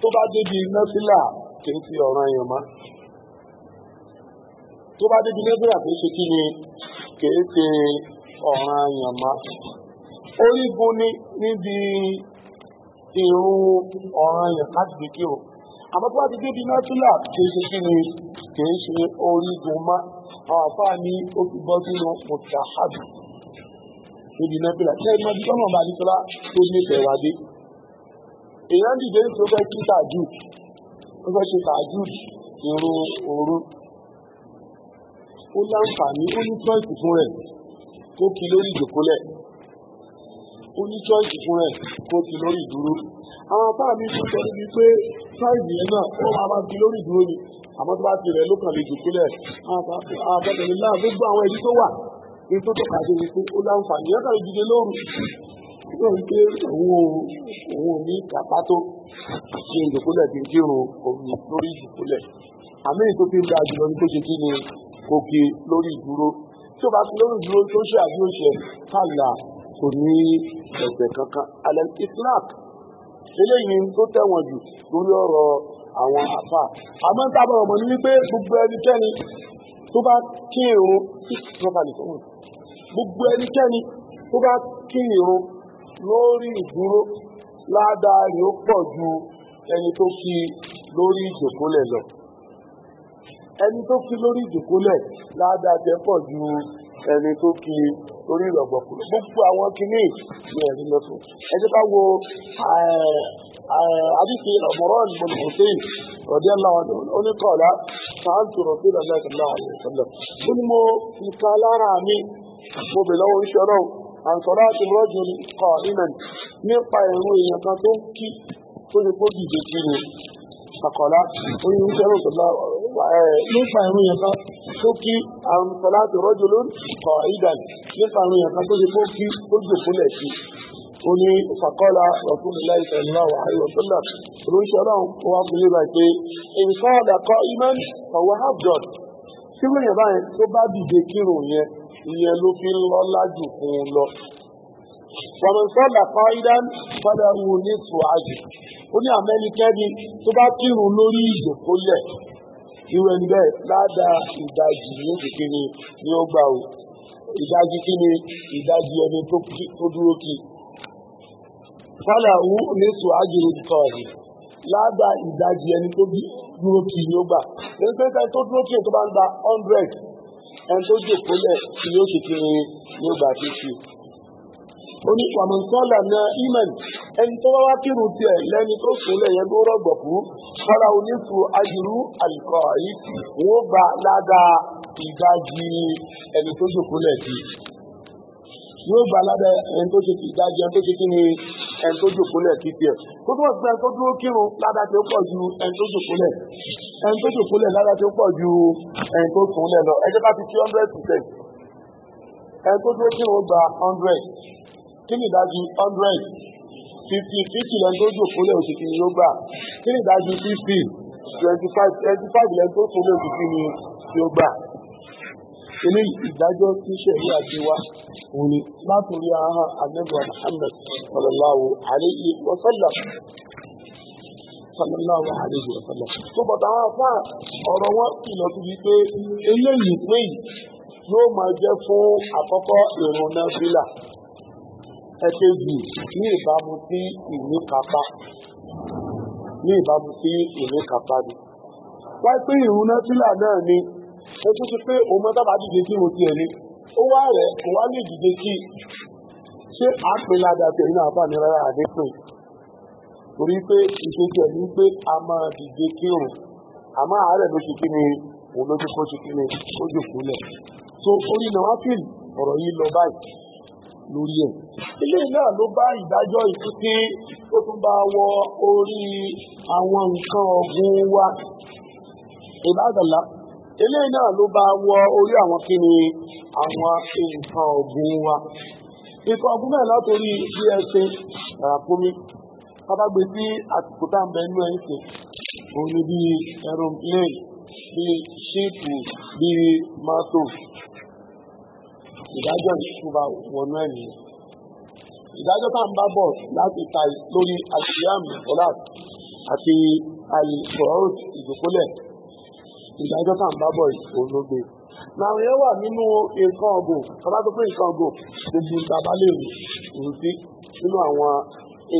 tó bá débi náfìlà kì í fi ọ̀ràn ayàn mọ́ tó bá débi lẹ́gbẹ̀rẹ́ àti ṣe kí ni kìí ṣe ọ̀ràn àyànmá orígun ní níbi ìrun ọ̀ràn àyàn láti gbé kí o àmọ́ tó bá ti débi nátúlà kìí ṣe kí ni kìí ṣe orígun má àwọn àfáà ní ó fi bọ́ sínú mùtàhàbì níbi nátúlà tí ẹni ọdún tọ́nà bá nítorí tó nífẹ̀ẹ́ wá dé èèyàn dìde ní tó fẹ́ kí tàjú ó fẹ́ ṣe tàjú ìrun òru ó láǹfààní ó ní choice fún rẹ̀ kó kí lórí ìjòkólẹ̀ ó ní choice fún rẹ̀ kó kí lórí ìdúró àwọn afá mi tún sọ níbi pé sáìdì yẹn náà ó máa bá kí lórí ìdúró ni àmọ́ tó bá ti rẹ̀ ló kàn lè jòkólẹ̀ àtàkùnrin náà gbogbo àwọn ẹbí tó wà ní tó tọ́ka sí wípé ó láǹfààní yọ́kàn lè dìde lóru nígbà wípé òun ò ní kápá tó ṣe ìjòkólẹ̀ kí n kírun òun lórí ìjòkólẹ̀ àmì ìtòkè ń da jùlọ ní tó ṣe kí ni kò kí lórí ìdúró tí ó bá kí lórí ìdúró tó ṣe àbí ó ṣe kàlà kò ní ẹ̀ṣẹ̀ kankan alẹ́ itlak eléyìí tó tẹ̀wọ̀n jù lórí ọ̀rọ̀ àwọn àfà àmọ́ ń tábọ̀ ọmọ ní wípé gbogbo ẹnikẹ́ni tó bá kí irun gbogbo ẹnikẹ́ni tó bá kí irun lórí ìdúró ládàá rẹ̀ ó pọ̀ ju ẹni tó kí lórí ìjòkólẹ̀ lọ ẹni tó kí lórí ìdòkólẹ̀ ládàá jẹ́ pọ̀ ju ẹni tó kí lórí ìrọ̀gbọ̀kú gbogbo àwọn kìíní ní ẹ̀rí lọ́tọ̀ ẹ jẹ́ ká wo àdìsí ọ̀mọ̀rọ̀ ìbọn hussein rọ̀dí aláwọ̀ oníkọ̀ọ̀lá sáàtù rọ̀sí ìrọ̀lẹ́kọ̀ọ́lá àlẹ́sọ̀lẹ̀ ó ní mo ìka lára mi mo bè lọ́wọ́ ìṣọ́rọ̀ àǹsọ̀rọ̀ àti rọ́jò kọ̀ ìmẹ̀ nípa ìrún èèyàn kan tó ń kí tó ṣe kó dìde kí ni àkọ́lá ó ní ìṣẹ́rọ̀ nípa ìrun yẹn kan tó kí àrùn sọlá tó rọ́jò ló ń kọ̀ ìdàn nípa ìrun yẹn kan tó ṣe kó kí ó jòkúlẹ̀ sí ó ní fàkọ́lá rọ̀kúnlélá ìfẹ̀lá wà ayọ̀tọ́lá olóńṣẹ́ ọlọ́run ó wá fún yíba pé nǹkan ọ̀dàkọ́ imán ọ̀wọ́ hapjọ́d tí wọ́n yẹn báyẹn tó bá dìde kírun yẹn ìyẹn ló fi ń lọ lájù fún un lọ. wàmọ̀nsọ́ ọ̀dàkọ́ idán irú ẹni bẹ́ẹ̀ ládàá ìdajì ní òkèkèrè ni ó gbà ó ìdajì kí ìdajì ẹni tó dúró kí fọ́nàwú lẹ́sùn ájúrò laada ọ̀rẹ́ ládàá ìdajì ẹni tó dúró kí ni ó gbà ẹni pé ẹni tó dúró kí ni tó bá ń gba hundred ẹni tó jòkó kí ni ni ó gbà fífi ní ẹni tó fọlá oníṣù ayùrú àlùkò yìí wọ́n gba ládàá ìdajì ẹni tó jòkó lẹ̀ sí. yóò gba ládàá ẹni tó ṣe ìdajì ẹni tó ṣe kí ni ẹni tó jòkó lẹ̀ kí tiẹ̀. tó tún ọ̀sẹ̀ ẹni tó dúró kírun ládàá tó pọ̀ ju ẹni tó jòkó lẹ̀ ẹni tó jòkó lẹ̀ ládàá tó pọ̀ ju ẹni tó sùn lẹ̀ lọ ẹjẹ́ bá ti fi hundred percent ẹni tó dúró kírun gba hundred kí ni ìdajì hundred fifty fifty lẹ́ni tó jòkó lẹ̀ òṣèkì ni yóò gbà kí ni ìdájú fifty twenty five twenty five lẹ́yìn tó tún lóògùn kí ni tí ó gbà. ilé ìdájọ́ tí sẹ́yìn àti wa òun ni látòrí aha anẹ́gbà Muhammad sallallahu alayhi wa sallam sallallahu alayhi wa sallam. tó bàtà àwọn afá ọ̀rọ̀ wọn kìlọ̀ síbi pé eléyìí pé yóò máa jẹ́ fún àkọ́kọ́ ìrun náà fílà ẹ̀kejì ní ìbámu sí ìlú kápá ní ìbámu sí ìlú kàtàdì wáyé pé ìrún náfìlà náà ni ó tún ti pé òun mọ́ dábàá dìde tí mo tiẹ̀ ní ó wá rẹ̀ kò wá lè dìde kí ṣé àpè ládàá tẹ̀ nínú àbáni rárá àdékùn torí pé ìṣèjì ẹ̀ ní pé a máa dìde kírun àmọ́ àárẹ̀ ló ṣe kí ni òun ló ti kó ṣe kí ni ó jòkó lẹ̀ so orí náà wá fìlì ọ̀rọ̀ yìí lọ báyìí lórí ẹ̀. eléyìí náà ló bá ìdájọ́ ìpínpé tó tún bá wọ orí àwọn nǹkan ọ̀gbìn wa ìbádàlá eléyìí náà ló bá wọ orí àwọn kíni àwọn nǹkan ọ̀gbìn wa nǹkan ọ̀gbìn náà látòrí bí ẹ ṣe ràkúnmí kábàgbé sí àsìkò tá à ń bẹ inú ẹ̀ ń òun ni bíi aeroplane bíi ṣíìpù bíi mọ́tò ìdájọ́ ìṣúra wọnú ẹ̀mí ìdájọ́ tá à ń bá bọ̀ láti ta lórí àṣìyàmù ọ̀la àti àyè ìfọ̀rọ̀ ìdókòlẹ̀ ìdájọ́ tá à ń bá bọ̀ òǹdógbè làwọn yẹn wà nínú nǹkan ọ̀gùn kọ́lá tó pé nǹkan ọ̀gùn gbogbo ìtaba lè rù rù sí nínú àwọn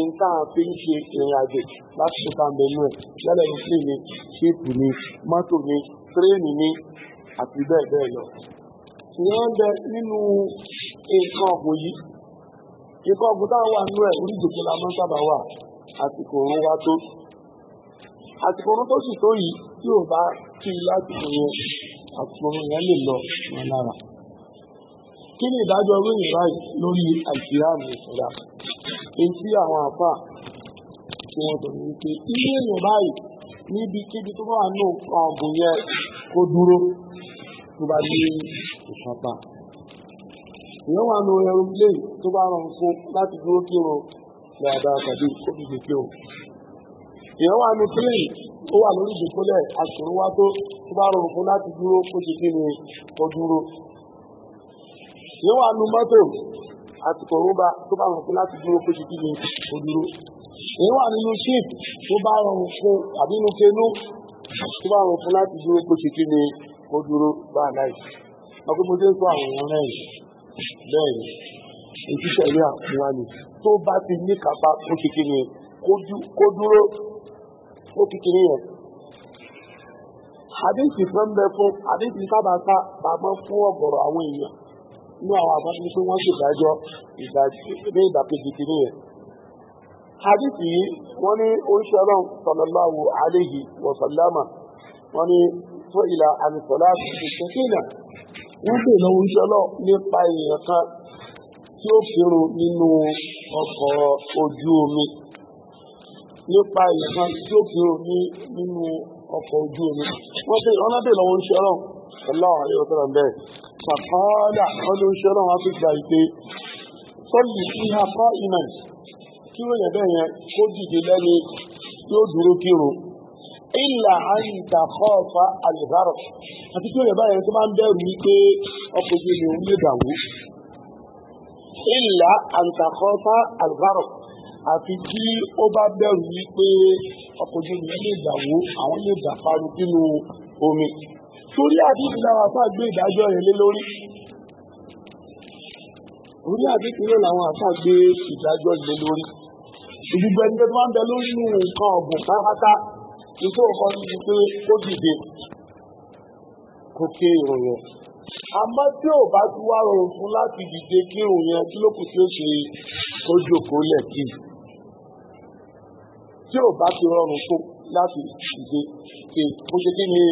nǹkan fi ń ṣe ìrìn àjò láti ṣe ká mẹ́nu ẹ̀ yálẹ̀ ní sí ni ṣíìpù ni mọ́tò ni tírẹ́ẹ̀nì ni àti bẹ́ẹ̀ bẹ́ẹ̀ lọ ìyẹn ń bẹ nínú nǹkan ọ̀pọ̀ yìí ikọ̀ ọ̀gbìn táwọn wà nínú ẹ̀ oríjìkì la máa ń sábà wà àsìkò òun wá tó àsìkò òun tó sì tó yìí tí ò bá kí i lásìkò yẹn àsìkò òun yẹn lè lọ wọn lára kí ni ìdájọ́ ròyìn báyìí lórí àìsíláàmù ìṣẹ̀dá etí àwọn àfà tí wọ́n tò ní pé ilé èèyàn báyìí níbi kíbi tó bá wà ní ọ̀gbìn yẹn kó dúró tó bá dé ìfapá ìyẹn wà nù aeroplane tó bá rọrùn fún láti dúró kírun dáadáa tàbí ó fi gbèsè o ìyẹn wà nù plane tó wà lórí ìdìkúnlẹ̀ àṣùrù wá tó tó bá rọrùn fún láti dúró kó ṣe kí ni ó dúró ìyẹn wà nù mọ́tò àti kòróba tó bá rọrùn fún láti dúró kó ṣe kí ni ó dúró ìyẹn wà nínú ship tó bá rọrùn fún àbínú kenú tó bá rọrùn fún láti dúró kó ṣe kí ni ó dúró báyìí ọgbọ́mọdé kó àwọn èèyàn mẹ́rin bẹ́ẹ̀ ni ètí sẹ̀rí àkúnwá ni tó bá ti ní kápá ó kékeré kó dúró ó kékeré yẹn. àdéhìí fún bẹ fún àdéhìí sábà ká bàbá fún ọ̀gọ̀rọ̀ àwọn èèyàn ní àwọn àbájú pé wọ́n ṣèdájọ́ ní ìdàkejì kìíní yẹn. àdéhìí yìí wọ́n ní oríṣi ọlọ́run sallallahu alaihi wa sallama wọ́n ní tó ìlà àmì sọ̀lá ti ṣe kéèyàn wọ́n bèèrè lọ́wọ́ iṣẹ́ ọlọ́run nípa èèyàn kan tí ó fèrò nínú ọkọ̀ ojú omi nípa èèyàn kan tí ó fèrò nínú ọkọ̀ ojú omi wọ́n bèèrè lọ́wọ́ iṣẹ́ ọlọ́run ọlọ́run ayé ọ̀tọ̀ náà bẹ́ẹ̀ pàpáàdà wọ́n ní iṣẹ́ ọlọ́run á fi gbà ìpè sọ́ọ̀lì sí apá ìmọ̀ kí ó yẹ bẹ́ẹ̀ yẹn kó dìde lẹ́ni tí dúró kírun ìlà àyíká kọ́ ọ̀fà àlùbárò àti pé yorùbá yẹn tó máa ń bẹ̀rù wípé ọkọ̀ ojú omi òun lè dàwó. ìlà àǹtàkọ́tà àlùbárò àti tí ó bá bẹ̀rù wípé ọkọ̀ ojú omi lè dàwó àwọn lè dà parun nínú omi. torí àdìsí náà wàá gbé ìdájọ́ yẹn lé lórí. orí àdìsí náà làwọn àfà gbé ìdájọ́ yẹn lé lórí. ìdìbò ẹni tó máa ń bẹ lórí nǹkan ọ̀gbìn pátápátá nítorí ọkọ̀ ní pé ó dìde kó ké irun yẹn àmọ́ tí ò bá ti wá rọrùn fún láti dìde kí irun yẹn kí ló kù tí ó ṣe tó jòkó lẹ̀ kí tí ò bá ti rọrùn fún láti dìde kí ó ṣe kí ni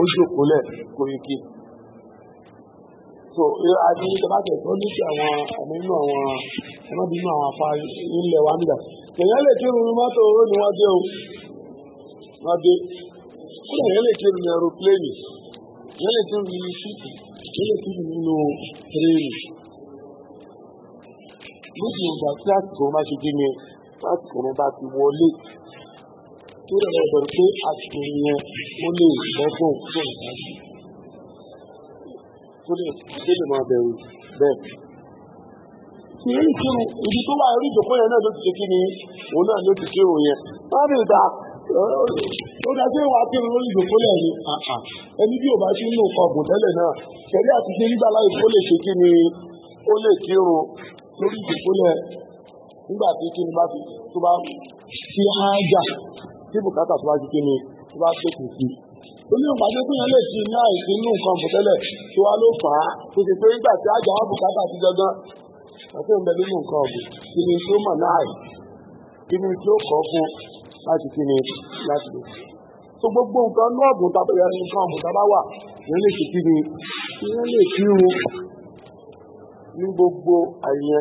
ó jòkó lẹ̀ kó yẹ kí. so àti ìjọbàtẹ̀ tó ní sí àwọn àmì inú àwọn ẹ̀mọ́ bínú àwọn afá ilẹ̀ wa nígbà èèyàn lè kírun ní mọ́tò owó ni wọ́n dé o wọ́n dé kí èèyàn lè kírun ní aeroplane yẹlẹ tó ní ṣíkì yẹlẹ tó ní nínú tirẹ̀lì lókè ìgbà tí àsìkò máa ṣe gbé mi àsìkò mi bá ti wọlé tó rẹ̀ bẹ̀rẹ̀ pé àsìkò yẹn ó lè lọ́gbọ̀n fún ìdájí tó lè tó lè máa bẹ̀rù bẹ́ẹ̀. Kì í kírun ibi tó wà orí ìjòkó yẹn náà ló ti ṣe kí ni òun náà ló ti kírun yẹn. Wọ́n á bèèrè dáa ó dájú ìwà akérò lórí ìdókòlẹ̀ ni ẹni bí ò bá ṣe ń lò fún ọ̀gùn tẹ́lẹ̀ náà tẹ̀lé àti ṣe nígbà láì ó lè ṣe kí ni ó lè kírun lórí ìdókòlẹ̀ nígbà tí kí ni bá ti tó bá ti hájà tí bùkátà tó bá ti kí ni tó bá tó kù sí. ó ní ìpàdé fún yẹn lè ti náà ìsinú nǹkan ọ̀gùn tó wá ló fà á tó ti pé nígbà tí ájà wá bùkátà ti gangan àti ìbẹ̀ nínú nǹkan ọ̀gùn kí ni tó mọ̀ náà kí ni tó kọ̀ fún láti kí ni láti lò. tó gbogbo nǹkan ní ọ̀bùn tábàyà ní nǹkan ọ̀bùn tábà wà ìyẹn lè ṣe kí ni ìyẹn lè kí ru ní gbogbo àyẹ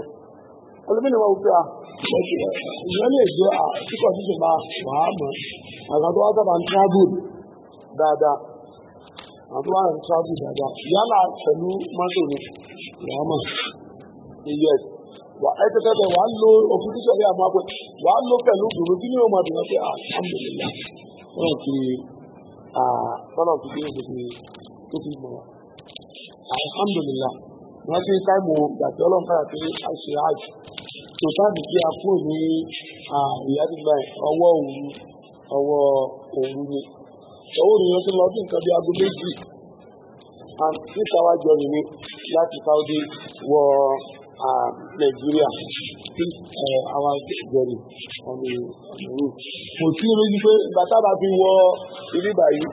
ẹlòmínì wọn fi à ìyẹn lè jẹ kíkọ títí máa wàá mọ àgbà tó wá sábà ń tábù dáadáa àti wàá ń tábù dáadáa yálà pẹ̀lú mọ́tò ni wàá mọ̀ iye ẹ̀sìn ẹtẹtẹtẹ wàá lo òfin tí sọ̀rọ̀ àmọ́ àpẹ wàá lo pẹ̀lú dùnú kí ni yóò máa dùnú ah, sí àmìlélá tọ́lọ̀ ti tọ́lọ̀ ti dé ìdíje tó ti mọ̀ alhamdulillah wọ́n ti táìmù gbàtí ọlọ́run kára pé àṣẹ àjù tó táìmù kí a kúrò ní ìyádìgbà ọwọ́ òru ọwọ́ òru ni owó nìyẹn tó lọ bí nǹkan bí aago méjì and six hour journey ni láti Saudi wọ um, Nigeria think uh, our jerry on the roof. Mo tí ó lójú pé bàtà bá fi wọ ilé báyìí.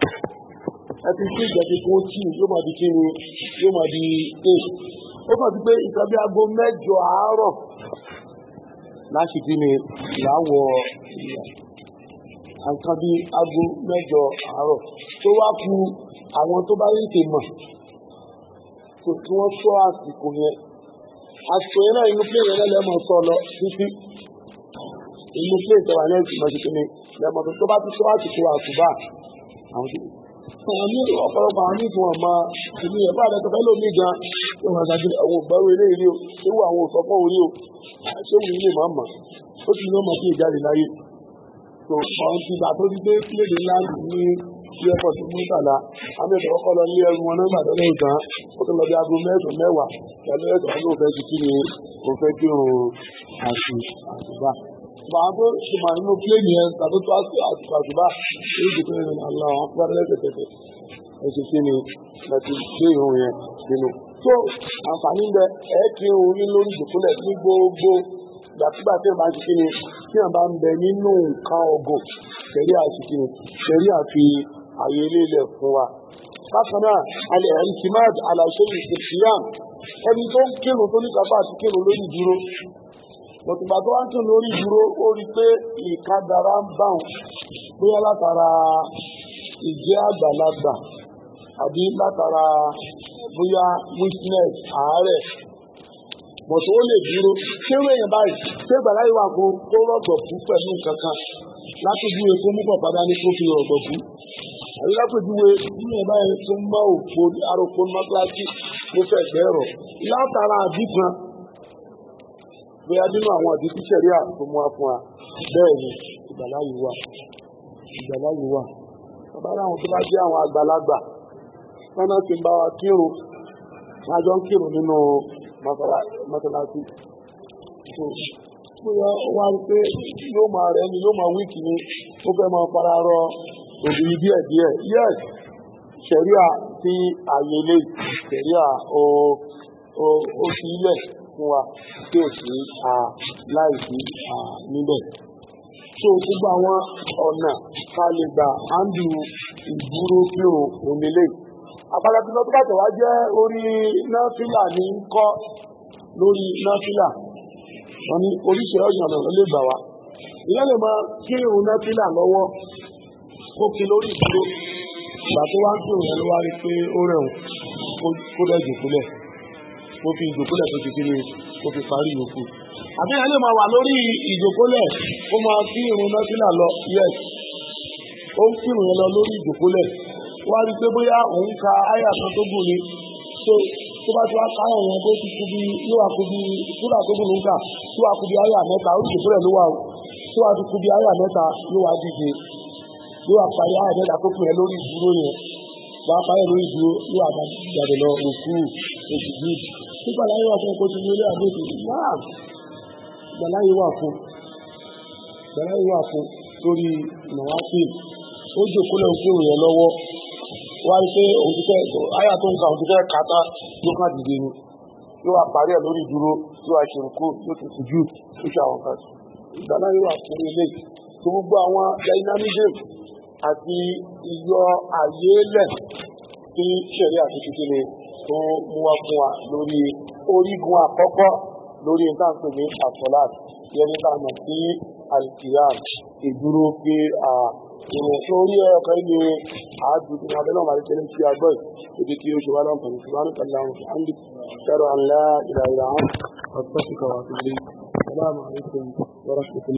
Ẹ ti sí ìjọba tó tì yóò máa di kí ni yóò máa di eight. Ó kàn sí pé nǹkan bí aago mẹ́jọ àárọ̀ láti kí ni láwọ̀ nǹkan bí aago mẹ́jọ àárọ̀ tó wá ku àwọn tó bá yìí ti mọ̀ kí wọ́n sọ àsìkò yẹn àsìkò yẹn náà inú pé yẹn náà lẹ́mọ̀ sọ lọ títí inú pé ìtẹ̀wà náà ti mọ̀ títí ni lẹ́mọ̀ tó bá ti tó àsìkò àsùbá àwọn tí wọ́n ní ọ̀pọ̀lọpọ̀ àwọn níbi wọn máa ìlú yẹn bá àdàkọ̀ fẹ́ lómi gan tó wọn àti àwọn ògbàrú ilé ìlú tó wù àwọn òsọ́pọ̀ orí o ṣé wù ilé màmá ti ní ọmọ fún ìjáde láyé tó ti gbà tó ti dé léde ńlá ní bí ẹkọ sí mútàlá amẹ́tọ̀ kọ́kọ́ lọ ní ẹrù wọn nígbà tó lẹ́yìn tán ó tó lọ bí aago mẹ́ẹ̀dùn mẹ́wàá pẹ̀lú ẹ̀tọ́ tó fẹ́ ti kí ni kò fẹ́ kí òun àti àtùbà. màá tó ṣe màá nínú pléènì yẹn tàbí tó àti àtùbà èyí ti fẹ́ àlọ́ àwọn akpọ́rẹ́ lẹ́sẹ̀kẹsẹ̀ ẹ ti kí ni láti gbé ìhun yẹn nínú. tó àǹfààní bẹ ẹ kí òun ní lórí ìdòkúnlẹ̀ ní gbogbo ìgbàkúgbà tí wọn bá ti kí ni tí wọn bá ń bẹ nínú nǹkan ọgọ tẹ̀lé àti kí ni tẹ̀lé àfi àyè ile fún wa bákan náà alẹ́ ìkìmáàd àlàṣe ìṣèṣìyàm ẹni tó ń kírun tó ní kápá àti kírun lórí ìdúró lọ́tùgbà tó wá ń kírun lórí ìdúró ó rí pé ìkádàrá ń bà wọn látara ìjẹ́ àgbàlagbà àbí látara bóyá mọ̀tò ó lè dúró kéwé èèyàn báyìí ṣé gbàlá ìwà lápèjúwe nínú ẹ̀bá yẹn tó ń bá òfò aróko mọ́tíláṣí ló fẹ́ gbẹ́rọ̀ látara àbí kan bóyá nínú àwọn àbí tíṣẹ̀rí àtòmọ́ fún wa bẹ́ẹ̀ ni ìgbàláyé wà ìgbàláyé wà bàbá tó bá jẹ́ àwọn àgbàlagbà wọn ti ń bá wa kírun wọn jọ ń kírun nínú mọ́tíláṣí bóyá pé obìnrin díẹ̀ díẹ̀ yes ṣẹ̀ríà tí ààyè lè ṣẹ̀ríà ó fi ilẹ̀ fún wa tí ò sí láìsí so gbogbo àwọn ọ̀nà ká lè gbà áńdù ìdúró kí o òmìnlè àpàdà tí wá jẹ́ orí náfìlà ní ń kọ́ lórí náfìlà wọn ni oríṣiríṣi ọ̀nà ló lè gbà wá lè máa ó lórí ìdúró ìgbà tó wá ń ló wá rí pé ó rẹ̀wọ̀n kó bẹ́ẹ̀ jòkúlẹ̀ ó fi ìjòkúlẹ̀ tó fi parí yòókù àbí ẹ lè máa wà lórí ó máa fi irun lọ ó ń lọ lórí wá rí pé bóyá òun ka àyà kan tó gùn tó bá ti wá ká tó ti kú bí yóò wá tó ló ń tó wá kú bí àyà mẹ́ta ó kúrẹ̀ wà ó tó wá ti kú bí àyà mẹ́ta ló wá dìde yóò apáyà ẹ̀dẹ́ àkókò ẹ̀ lórí ìdúró yẹn wọ́n apáyà lórí ìdúró yóò àgbàdo lọ òkú òkú yìí nígbà láyé wà fún ẹ̀kọ́ tó ní ilé àbójú wáà ìgbà láyé wà fún ìgbà láyé wà fún lórí ìnáwásí ó jòkó lẹ́yìn kí òun yẹn lọ́wọ́ wá rí pé òun ti fẹ́ àyà tó ń ka òun ti fẹ́ kàtá ló ká dìde ni yóò wá parí ẹ̀ lórí ìdúró yóò wá ṣe nǹkó ti fi jù tó ṣe kan ìgbà láyé wà fún ilé tó gbogbo àwọn dynamism àti ìyọ àyè lẹ̀ tí ṣẹ̀rí àtúntò kí ni tó mú wá fún wa lórí orígun àkọ́kọ́ lórí nǹkan pè ní àsọ̀láàt yẹn nípa mọ̀ sí alkiyam ìdúró pé à ìrìn tó rí ẹ̀rọ kan ní àádùúgbò abẹ́ náà máa tẹ́lẹ̀ sí agbọ́ ibi tí ó ṣe wá láǹfà ní ṣùgbọ́n nípa láwọn fàáńdì kẹrọ àńlá ìlà ìlà àwọn ọ̀tọ́ sí kọ̀wà